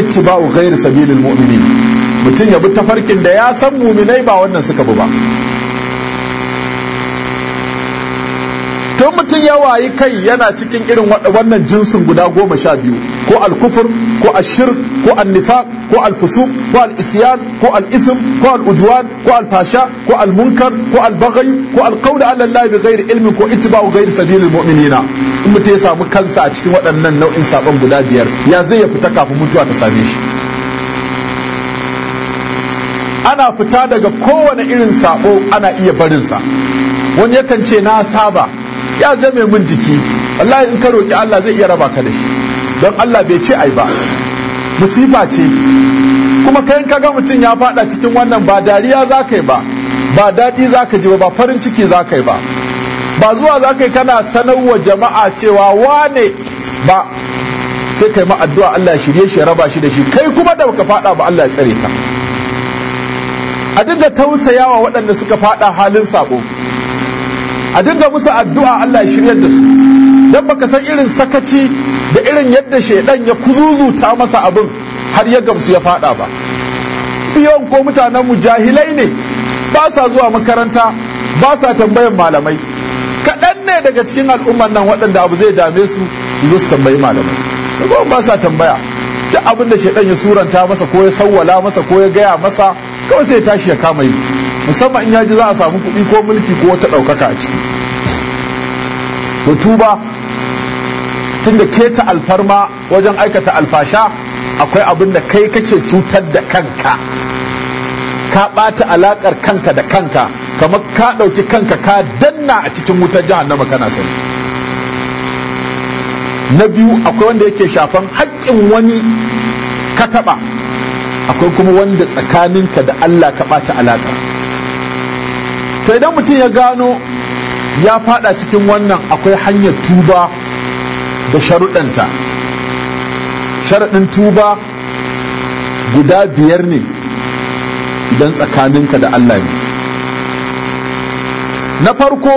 ittiba'u ghairi sabilil mu'minin mutum ya bi tafarkin da ya san muminai ba wannan suka bi ba tun mutum ya wayi kai yana cikin irin wannan jinsin guda goma sha biyu ko alkufur ko ashir ko annifaq ko alfusuk ko al'isiyan ko al'isim ko al'udwan ko alfasha ko almunkar ko albaghay ko alqawlu ala allahi bighairi ilmin ko ittiba'u ghairi sabilil mu'minina in mutum ya samu kansa a cikin waɗannan nau'in saban guda biyar ya zai ya fita kafin mutuwa ta same shi ana fita daga kowane irin sabo ana iya barinsa wani yakan ce na saba ya zame min jiki wallahi in ka roƙi Allah zai iya raba ka da shi don Allah bai ce ai ba musifa ce kuma kayan ga mutum ya faɗa cikin wannan ba dariya za ka yi ba ba daɗi za ka ji ba ba farin ciki za ka yi ba ba zuwa za ka yi kana wa jama'a cewa wane ba sai kai ma addu'a Allah shirye shi raba shi da shi kai kuma da baka fada ba Allah ya tsare ka a dinga tausayawa waɗanda suka faɗa halin sabo a dinga musu addu'a Allah ya shiryar da su dan baka san irin sakaci da irin yadda shaidan ya kuzuzuta masa abin har ya gamsu ya faɗa ba fiyon ko mutanen mujahilai ne ba sa zuwa makaranta ba sa tambayan malamai kaɗan ne daga cikin al'umman nan waɗanda abu zai dame su su zo su tambayi malamai ba ba sa tambaya duk abin da shaidan ya suranta masa ko ya sawwala masa ko ya gaya masa kawai sai ya tashi ya kama yi musamman in ya ji za a samu kuɗi ko mulki ko wata ɗaukaka a ciki to tuba tunda keta alfarma wajen aikata alfasha akwai abin da kai kace cutar da kanka ka ɓata alaƙar kanka da kanka kamar ka ɗauki kanka ka danna a cikin wutar jahannama kana sani na biyu akwai wanda yake shafan haƙƙin wani ka taɓa akwai kuma wanda tsakaninka da Allah ka bata alaƙa to idan mutum ya gano ya fada cikin wannan akwai hanyar tuba da sharuɗanta sharaɗin tuba guda biyar ne idan tsakaninka da Allah ne na farko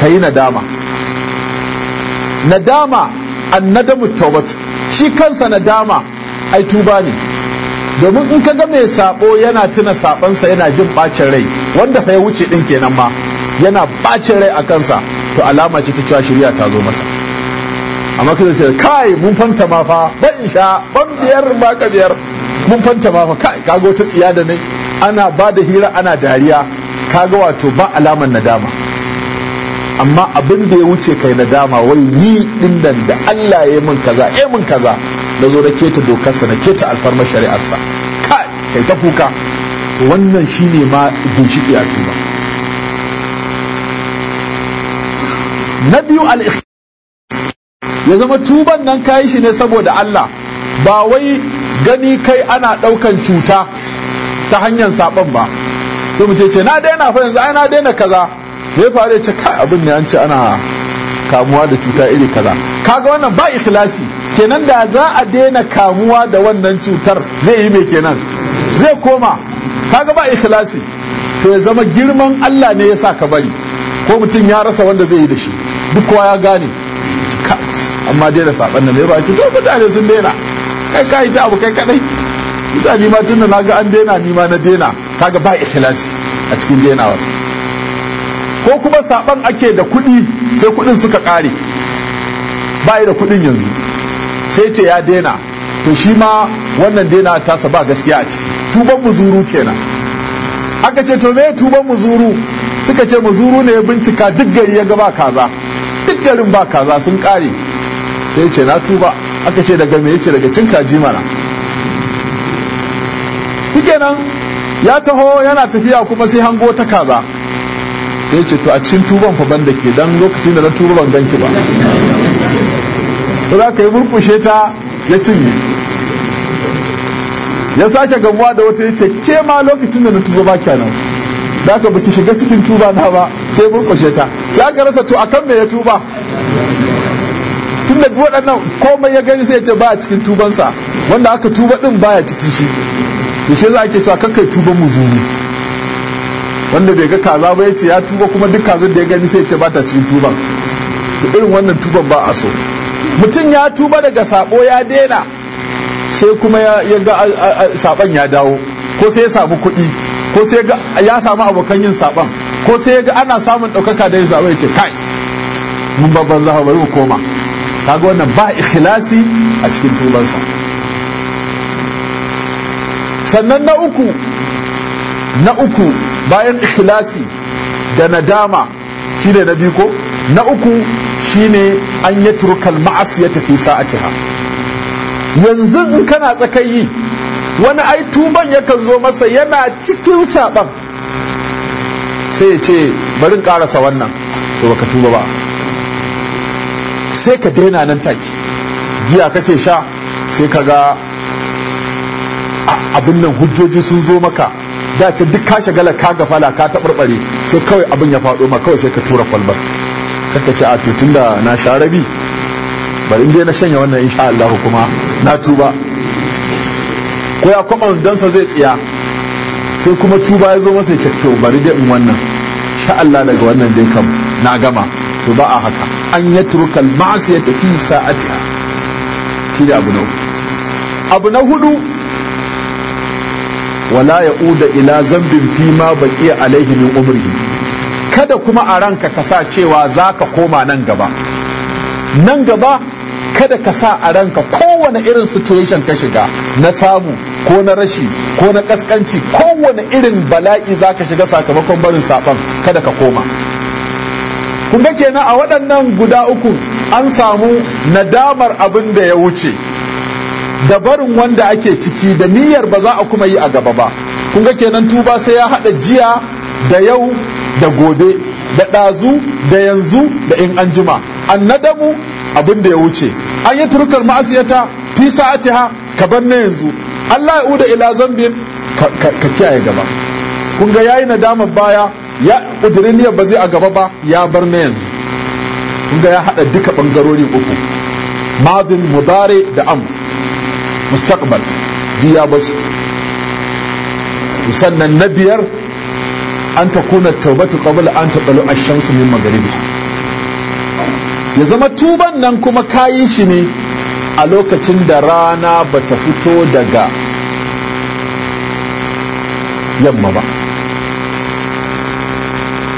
ka yi nadama nadama annadamu tawbatu shi kansa nadama ai tuba ne domin in ka ga mai sabo yana tuna sabansa yana jin bacin rai wanda fa ya wuce din kenan ma yana bacin rai a kansa to alama ce ta cewa shirya ta zo masa amma kada sai kai mun fanta ma fa ban sha ban biyar ba ka biyar mun fanta ma fa kai kago ta tsiya da nai ana ba da hira ana dariya kaga wato ba alamar nadama amma abin da ya wuce kai nadama wai ni din da Allah ya min kaza ya min kaza na zo da keta dokarsa na keta alfarmar shari'arsa kai kai ta kuka wannan shine ma ginshiki a tuba na biyu al ya zama tuban nan kayi shi ne saboda Allah ba wai gani kai ana ɗaukan cuta ta hanyar saɓon ba to mu ce na daina fa yanzu ai na daina kaza ya faru ya ce kai abin ne an ce ana kamuwa da cuta iri kaza kaga wannan ba ikhlasi kenan da za a daina kamuwa da wannan cutar zai yi mai kenan zai koma kaga ba ikhlasi to ya zama girman Allah ne ya sa ka bari ko mutum ya rasa wanda zai yi da shi duk kowa ya gane amma da saban nan ne ba ce to mutane sun daina kai ka yi ta abu kai kadai mutane ma tunda na ga an daina ni ma na daina kaga ba ikhlasi a cikin dainawar ko kuma saban ake da kuɗi sai kuɗin suka kare ba da kuɗin yanzu sai ce ya daina to shi ma wannan daina ta ba gaskiya a ciki tuban muzuru kenan aka ce to me tuban muzuru suka ce muzuru ne ya bincika duk gari ya gaba kaza duk garin ba kaza sun kare sai ce na tuba aka ce daga me yace daga cin kaji mana shikenan ya taho yana tafiya kuma sai hango ta kaza sai ce to a cikin tuban fa banda ke dan lokacin da na tuba ban ganki ba ba za ka yi murkushe ta ya cinye ya sake gamuwa da wata ya ce ke ma lokacin da na tuba ba kenan da aka baki shiga cikin tuba na ba sai murkushe ta sai aka rasa to akan me ya tuba tun da waɗannan komai ya gani sai ya ce a cikin tubansa wanda aka tuba ɗin ya ciki shi to shi za a ke cewa tuba tuban muzuru wanda bai ga kaza ba ya ce ya tuba kuma duk kazan da ya gani sai ya ce ba ta cikin tuban irin wannan tuban ba a so mutum ya tuba daga sabo ya daina sai kuma ya ga saban ya dawo ko sai ya samu kuɗi ko sai ya samu abokan yin saban ko sai ya ga ana samun ɗaukaka da yin saban ya ce kai mun babban zaha bari mu koma kaga wannan ba ikhlasi a cikin tubansa sannan na uku na uku bayan ikhlasi da nadama shine na biyu ko na uku shine an yi turkal ya tafi sa'atiha yanzu in kana tsakayi wani ai tuban kan zo masa yana cikin saɓan. sai ya ce bari in karasa wannan to baka tuba ba sai ka daina nan take giya kake sha sai ka ga abin nan hujjoji sun zo maka dace duk ka shagala ka gafala ka taɓarɓare sai kawai abin ya faɗo ma kawai sai ka tura kwalbar kaka ce a tutun da na share rabi bari in dai na shanya wannan insha Allah kuma na tuba ko ya kuma dansa zai tsiya sai kuma tuba ya zo masa ya to bari dai in wannan sha Allah daga wannan dai kam na gama to ba a haka an ya turkal ma'asiyar ya tafi sa'ati shi da abu na hudu abu na hudu wala yauda ila zambin fi ma baqiya alaihi min umrihi kada kuma a ranka ka sa cewa za ka koma nan gaba nan gaba kada ka sa a ranka kowane irin situation ka shiga na samu ko na rashi ko na kaskanci kowane irin bala'i za ka shiga sakamakon barin saban kada ka koma kun ga kenan a waɗannan guda uku an samu nadamar abin da ya wuce da barin wanda ake ciki da niyyar ba za a kuma yi a gaba ba kun ga kenan tuba sai ya haɗa jiya da yau da gobe da ɗazu da yanzu da in an jima an nadamu abin da ya wuce an yi turkar ma'asiyata fi ha ka bar na yanzu Allah ya uda ila zambin ka kiyaye gaba kun ga yayi nadamar baya ya niyyar ba zai a gaba ba ya bar na yanzu kun ga ya haɗa duka bangarori uku madin mudare da am mustaqbal diya basu sannan na biyar an ta kuna taubatu qabla an ta ɗalo ash-shamsu min magaribi ya zama tuban nan kuma kayi shi ne a lokacin da rana ba ta fito daga yamma ba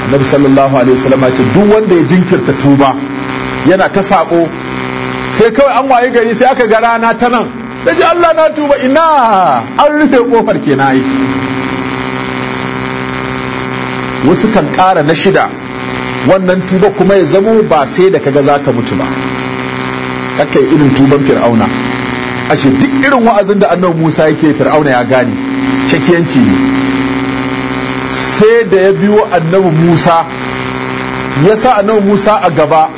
annabi sallallahu alaihi wasallam ya ce duk wanda ya jinkirta tuba yana ta sako sai kawai an wayi gari sai aka ga rana ta nan da ji Allah na tuba ina an rufe kofar ke na yi. wasu kan ƙara na shida wannan tuba kuma ya zamo ba sai da kaga za ka mutu ba aka yi irin tuban fir'auna ashe duk irin wa'azin da annabi musa yake fir'auna ya gane shakiyanci ne sai da ya biyo annabi musa ya sa annabi musa a gaba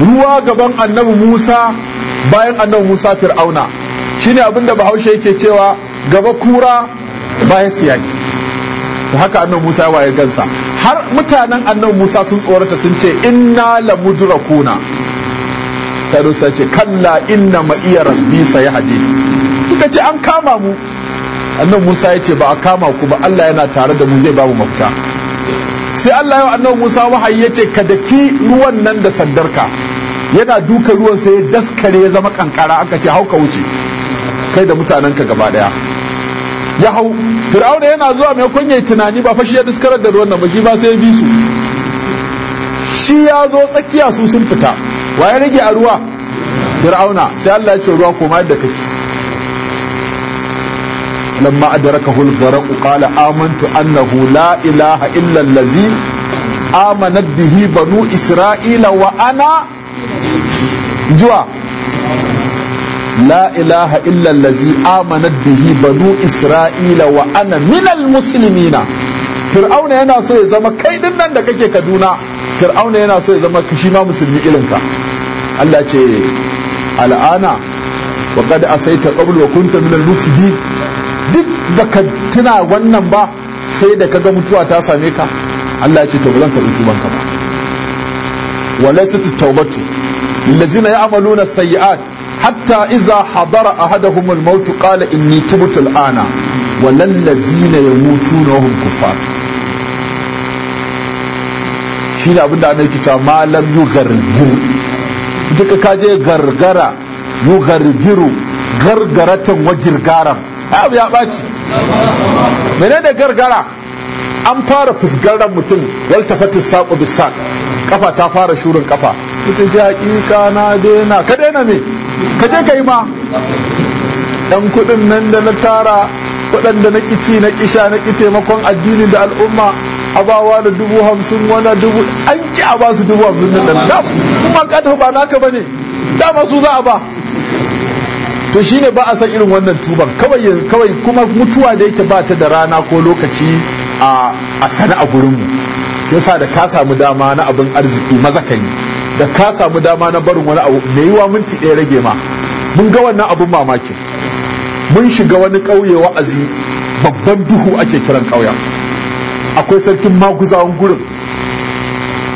ruwa gaban annabi musa bayan annabi musa fir'auna shine abinda bahaushe yake cewa gaba kura bayan siyaki da haka annabi Musa ya waye gansa har mutanen annabi Musa sun tsorata sun ce inna la mudrakuna ta Musa ce kalla inna ma iya rabbi sayahdi suka ce an kama mu annabi Musa ya ce ba a kama ku ba Allah yana tare da mu zai ba mu mafita sai Allah ya annabi Musa wahayi ya ce ka daki ruwan nan da sandarka yana duka ruwan sai ya daskare ya zama kankara aka ce hauka wuce kai da mutanen ka gaba daya ya hau fir'auna yana zuwa mai kunya tunani ba fashi ya diskarar da ruwan nan ba shi ba sai ya bi su shi ya zo tsakiya su sun fita wa ya rage a ruwa fir'auna sai Allah ya ce ruwa koma yadda kake lamma adrakahu al-gharq qala amantu annahu la ilaha illa allazi amanat bihi banu isra'ila wa ana la ilaha illa allazi amanat banu isra'ila wa'ana ana musulmi na. fir'auna yana so ya zama kai din nan da kake kaduna fir'auna yana so ya zama shi ma musulmi ka Allah ce al'ana wa qad asaita qabl wa kunta minal mufsidin duk baka tuna wannan ba sai da kaga mutuwa ta same ka Allah ya ce to bazan karbi tuban ka ba walaysat at-taubatu lillazina ya'maluna as hatta إذا حضر أحدهم الموت قال qala inni الآن وللذين يموتون وهم كفار shine abin da annabi kita malam gargiru duka kaje gargara gargiru gargaratan wa girgaran abu ya baci menene gargara an fara fusgarar mutum fatis saƙo bisa kafa ta fara shurin kafa ita ji hakika na daina ka daina ne ka je ka yi ma ɗan kuɗin nan da na tara waɗanda na ƙici na ƙisha na ƙi taimakon addini da al'umma a bawa da dubu hamsin wani dubu an ƙi a ba su dubu hamsin nan da kuma ka tafi ba naka ba ne dama su za a ba to shine ba a san irin wannan tuban kawai kuma mutuwa da yake ba ta da rana ko lokaci a sana a gurinmu yasa da ka samu dama na abin arziki maza ka yi da ka samu dama na barin wani abu mai yiwa minti ɗaya rage ma mun ga wannan abun mamaki mun shiga wani ƙauye wa'azi babban duhu ake kiran ƙauya akwai sarkin maguzawan gurin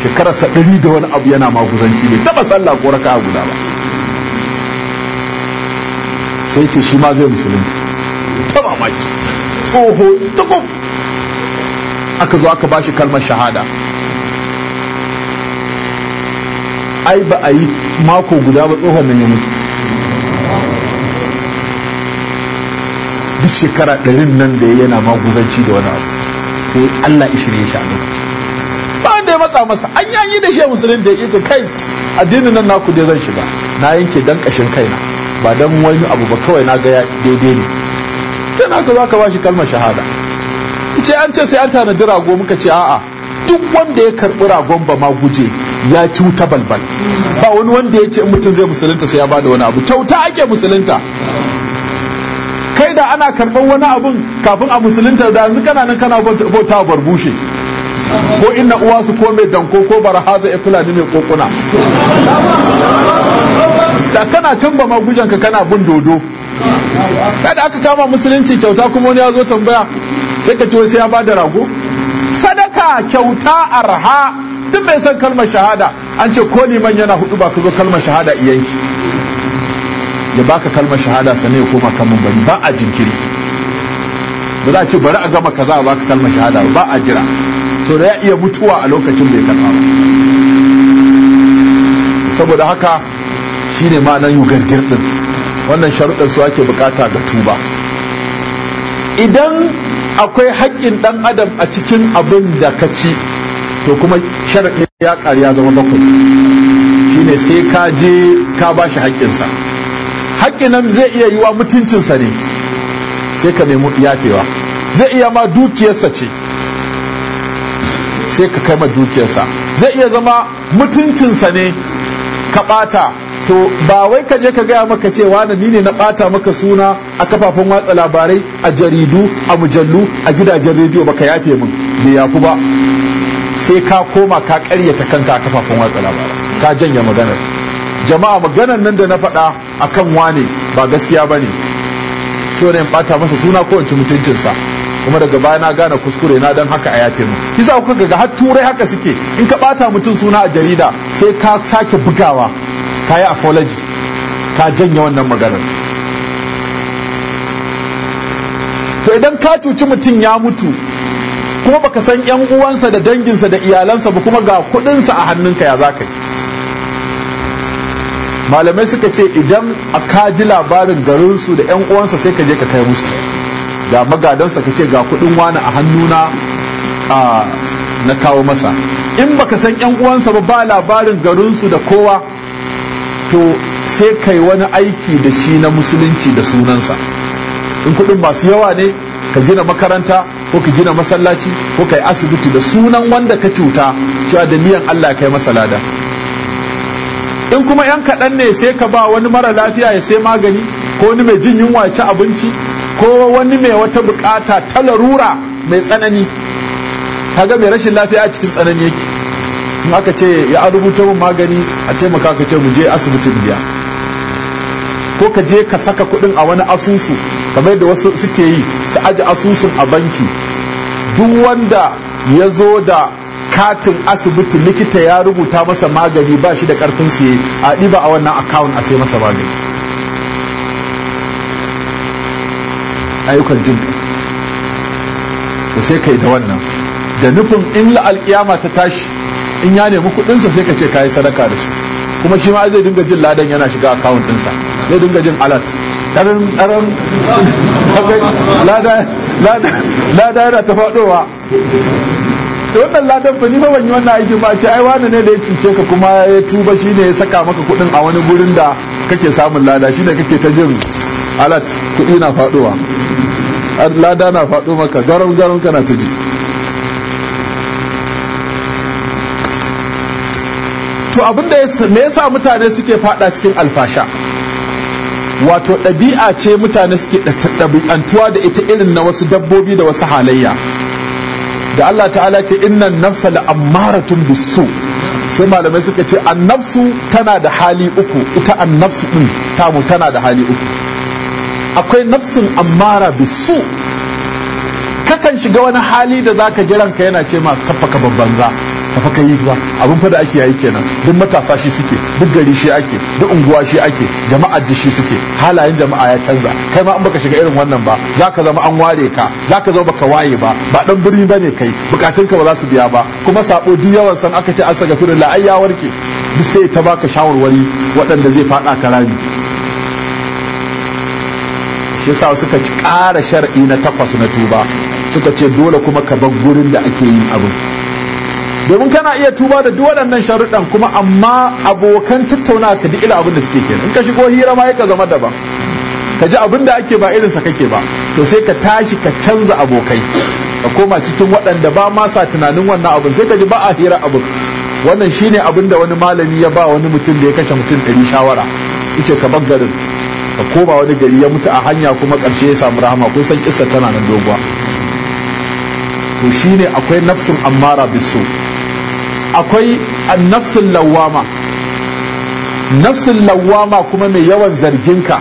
shekarar ɗari da wani abu yana maguzanci mai taɓa sallah ko raka guda ba sai ce shi ma zai musulunci ta mamaki tsoho tukub aka zo aka bashi kalmar shahada ai ba a yi mako guda ba tsohon nan ya mutu duk shekara ɗarin nan da yana maguzanci da wani abu sai Allah ya shirye shi a ba wanda ya matsa masa an yanyi da shi musulun da ya ce kai addinin nan naku dai zan shiga na yanke dan kashin na ba dan wani abu ba kawai na ga daidai ne sai na ka zaka bashi kalmar shahada ce an ce sai an tanadi rago muka ce a'a duk wanda ya karɓi ragon ba ma guje ya cuta balbal ba wani wanda ya ce mutum zai musulunta sai ya bada wani abu kyauta ake musulunta kai da ana karɓar wani abun kafin a musulunta da yanzu kana nan kana bauta barbushe ko inna uwa su ko mai danko ko barhaza ya fulani mai kokuna da kana can ba ka kana bin dodo kada aka kama musulunci kyauta kuma wani ya zo tambaya sai ka ce sai ya bada rago sadaka kyauta arha duk mai san kalmar shahada an ce ko liman yana hudu ba ku zo kalmar shahada iyanki ya baka kalmar shahada sane ya koma kan bari ba a jinkiri ba za a ce bari a gama kaza a baka kalmar shahada ba a jira to da ya iya mutuwa a lokacin bai karɓa ba saboda haka shine ma'anar yugargir din wannan sharuɗin su ake bukata ga tuba idan akwai haƙƙin ɗan adam a cikin abin da ka ci to kuma sharaɗin ya ƙari ya zama bakwai shine sai ka je ka ba shi haƙƙinsa haƙƙin nan zai iya yiwa mutuncinsa ne sai ka nemi yafewa zai iya ma dukiyarsa ce sai ka kai ma dukiyarsa zai iya zama mutuncinsa ne ka ɓata to ba wai ka je ka gaya maka cewa wani ni na ɓata maka suna a kafafen watsa labarai a jaridu a mujallu a gidajen rediyo ba ka yafe min bai yafu ba sai ka koma ka karyata kanka a kafafen watsa labarai ka janya maganar jama'a maganar nan da na faɗa kan wane ba gaskiya ba bane so ne bata masa suna ko mutuncinsa kuma daga baya na gane kuskure na dan haka a yafe mu kisa kuka ga har turai haka suke in ka bata mutum suna a jarida sai ka sake bugawa ka yi apology ka janya wannan maganar to idan ka cuci mutum ya mutu ko baka san yan uwansa da danginsa da iyalansa ba kuma ga kudinsa a hannunka ya zaka yi malamai suka ce idan a ji labarin garinsu da yan uwansa sai ka je ka kai musu ga magadansa ka ce ga kudin wani a hannuna a na kawo masa in baka san yan uwansa ba ba labarin garinsu da kowa to sai kai wani aiki da shi na musulunci da sunansa in kudin masu yawa ne ka gina makaranta ko ka gina masallaci ko ka yi asibiti da sunan wanda ka cuta cewa da niyan Allah kai masa lada in kuma yan kaɗan ne sai ka ba wani mara lafiya ya sai magani ko wani mai jin yunwa ci abinci ko wani mai wata bukata ta larura mai tsanani kaga mai rashin lafiya a cikin tsanani yake in aka ce ya rubuta min magani a taimaka ka ce mu je asibitin biya ko ka je ka saka kuɗin a wani asusu kamar da wasu suke yi su aji asusun a banki duk wanda ya zo da katin asibiti likita ya rubuta masa magani ba shi da karfin siye a ɗiba a wannan akawun a sai masa magani ayyukan jin to sai kai da wannan da nufin in la'alƙiyama ta tashi in ya nemi kuɗinsa sai ka ce ka yi sadaka da su kuma shi ma zai dinga jin ladan yana shiga akawun ɗinsa zai dinga jin alat karin karin lada yana ta faɗowa to wannan ladan fa ni ba ban yi wannan aikin ba ce ai wani ne da ya cuce ka kuma ya tuba shi ne ya saka maka kuɗin a wani gurin da kake samun lada shi ne kake ta jin alat kuɗi na faɗowa lada na faɗo maka garon garon kana ta ji to abinda me sa mutane suke fada cikin alfasha wato ɗabi'a ce mutane suke ɗabi'antuwa da ita irin na wasu dabbobi da wasu halayya da Allah ta'ala ce innan nafsa tun bisu sai malamai suka ce annafsu tana da hali uku ita annafsu ɗin tamu tana da hali uku akwai nafsun ammara bisu kakan shiga wani hali da zaka ji ka yana ce ma kafa ka banza ka fa kai ba abin fa da ake yayi kenan duk matasa shi suke duk gari shi ake duk unguwa shi ake jama'a da shi suke halayen jama'a ya canza kai ma an baka shiga irin wannan ba zaka zama an ware ka zaka zama baka waye ba ba dan birni bane kai bukatun ka ba za su biya ba kuma sabo duk yawan san aka ce asaga firin la ai warke duk sai ta baka shawarwari waɗanda zai faɗa ka rami shi sa suka ci ƙara shar'i na takwas na tuba suka ce dole kuma ka bar gurin da ake yin abin domin kana iya tuba da duk waɗannan sharuɗan kuma amma abokan tattauna ka duk ila abin da suke kenan in ka shigo hira ma yaka zama daban ka ji abin da ake ba irin sa kake ba to sai ka tashi ka canza abokai ka koma cikin waɗanda ba ma sa tunanin wannan abin sai ka ji ba a hira abin wannan shine abin da wani malami ya ba wani mutum da ya kashe mutum ɗari shawara ice ka bar garin ka koma wani gari ya mutu a hanya kuma ƙarshe ya samu rahama kun san kissa tana nan doguwa to shine akwai nafsun ammara bisu akwai annafsin lawama nafsin lawama kuma mai yawan zarginka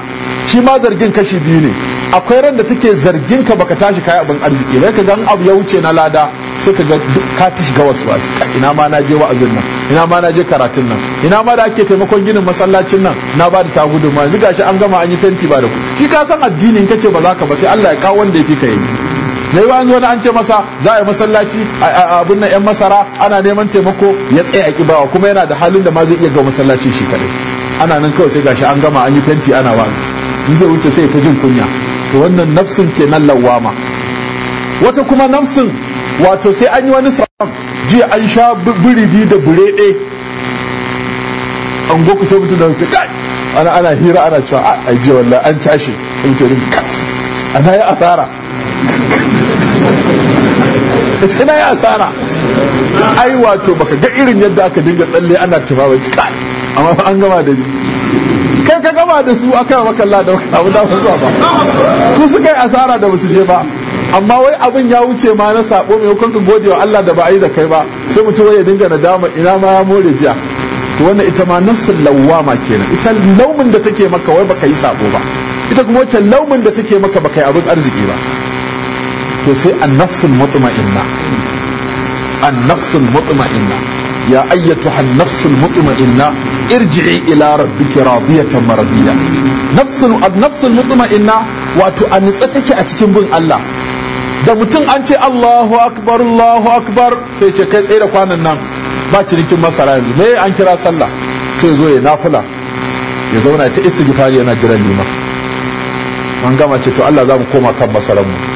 shi ma zargin kashi biyu ne akwai ran da take zarginka baka tashi kayi abin arziki bai ka gan abu ya wuce na lada sai ka ga ka shiga wasu wasu ina ma na je wa'azin nan ina ma na je karatun nan ina ma da ake taimakon ginin masallacin nan na ba da tagudu ma yanzu gashi an gama an yi fenti ba da ku shi ka san addinin kace ba za ka ba sai Allah ya kawo wanda ya fi ka yi mai wa wani an ce masa za a yi masallaci abin nan yan masara ana neman taimako ya tsaye a kibawa kuma yana da halin da ma zai iya ga masallacin shi kadai ana nan kawai sai gashi an gama an yi fenti ana wa'azi in zai wuce sai ta jin kunya to wannan nafsin kenan lawama wata kuma nafsin wato sai an yi wani sabon jiya an sha biridi da burede an goku sai mutum da su ce kai ana ana hira ana cewa a jiya wallahi an cashe mutum kat ana yi asara ka ce na yi asara ai wato baka ga irin yadda aka dinga tsalle ana tuba ba kai amma an gama da ji kai ka gama da su aka maka Allah da baka samu damar zuwa ba su suka yi asara da musu je ba amma wai abin ya wuce ma na sabo mai hukun ka gode wa Allah da ba a yi da kai ba sai mutum wai ya dinga nadama ina ma ya more jiya to wannan ita ma nafsul lawwama kenan ita laumin da take maka wai baka yi sabo ba ita kuma wacce laumin da take maka baka yi abin arziki ba to sai annafsul mutma'inna annafsul mutma'inna ya ayyatuha annafsul mutma'inna irji'i ila rabbiki radiyatan mardiya nafsul mutuma mutma'inna wato an nitsa take a cikin bin Allah da mutum an ce Allahu akbar Allahu akbar sai ce kai tsaye da kwanan nan ba cinikin masara yanzu me an kira sallah sai zo ya nafila ya zauna ta istighfari yana jiran liman an gama ce to Allah za mu koma kan masaranmu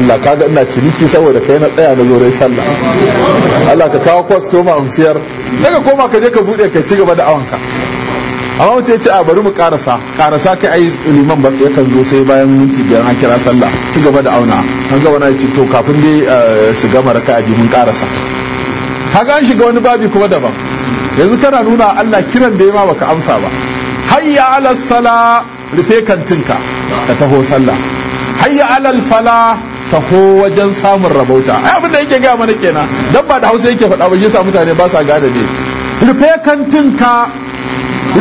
Allah ga ina ciniki saboda kai na tsaya na zorai sallah Allah ka kawo kwastoma in siyar daga koma ka je ka bude ka ci gaba da awanka amma mutum ya ce a bari mu karasa karasa kai ayi liman yakan zo sai bayan minti biyar an kira sallah ci gaba da auna an ga wani ce to kafin dai eh, su gama raka a mun karasa ga an shiga wani babi kuma daban yanzu kana nuna Allah kiran da ya ma baka amsa ba hayya ala sala rufe kantinka ka taho sallah hayya ala fala taho wajen samun rabauta ai abin da yake ga mana kenan dan ba da hausa yake faɗa ba sa mutane ba sa gane ne rufe kantinka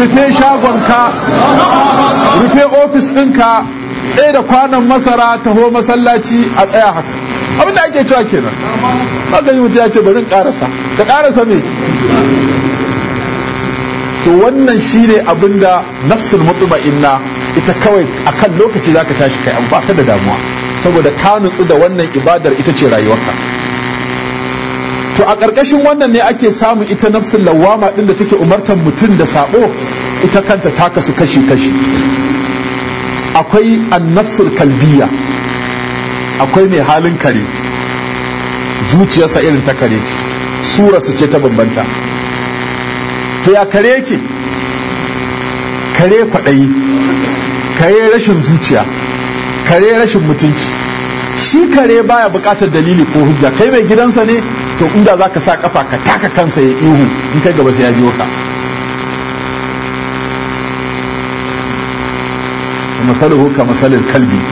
rufe shagonka rufe ofis ɗinka tsaye da kwanan masara taho masallaci a tsaya haka abin da ake cewa kenan haka yi mutum ya ce bari karasa ka karasa me to wannan shine abin da nafsul mutma'inna ita kawai akan lokaci zaka tashi kai amfaka da damuwa saboda ka nutsu da wannan ibadar ita ce rayuwarka to a ƙarƙashin wannan ne ake samun ita nafsin lawama ɗin da take umartar mutum da saɓo ita kanta ta kasu kashi-kashi akwai annafsul kalbiya akwai mai halin kare zuciyarsa irin ta kare ce su ce ta bambanta to ya kare yake kare kwaɗayi kare rashin zuciya kare rashin mutunci shi kare baya bukatar dalili ko hujja kai mai gidansa ne to inda za ka sa kafa ka taka kansa ya ihu in kai gaba sai ya biyo ka masaluhu ka masalin kalbi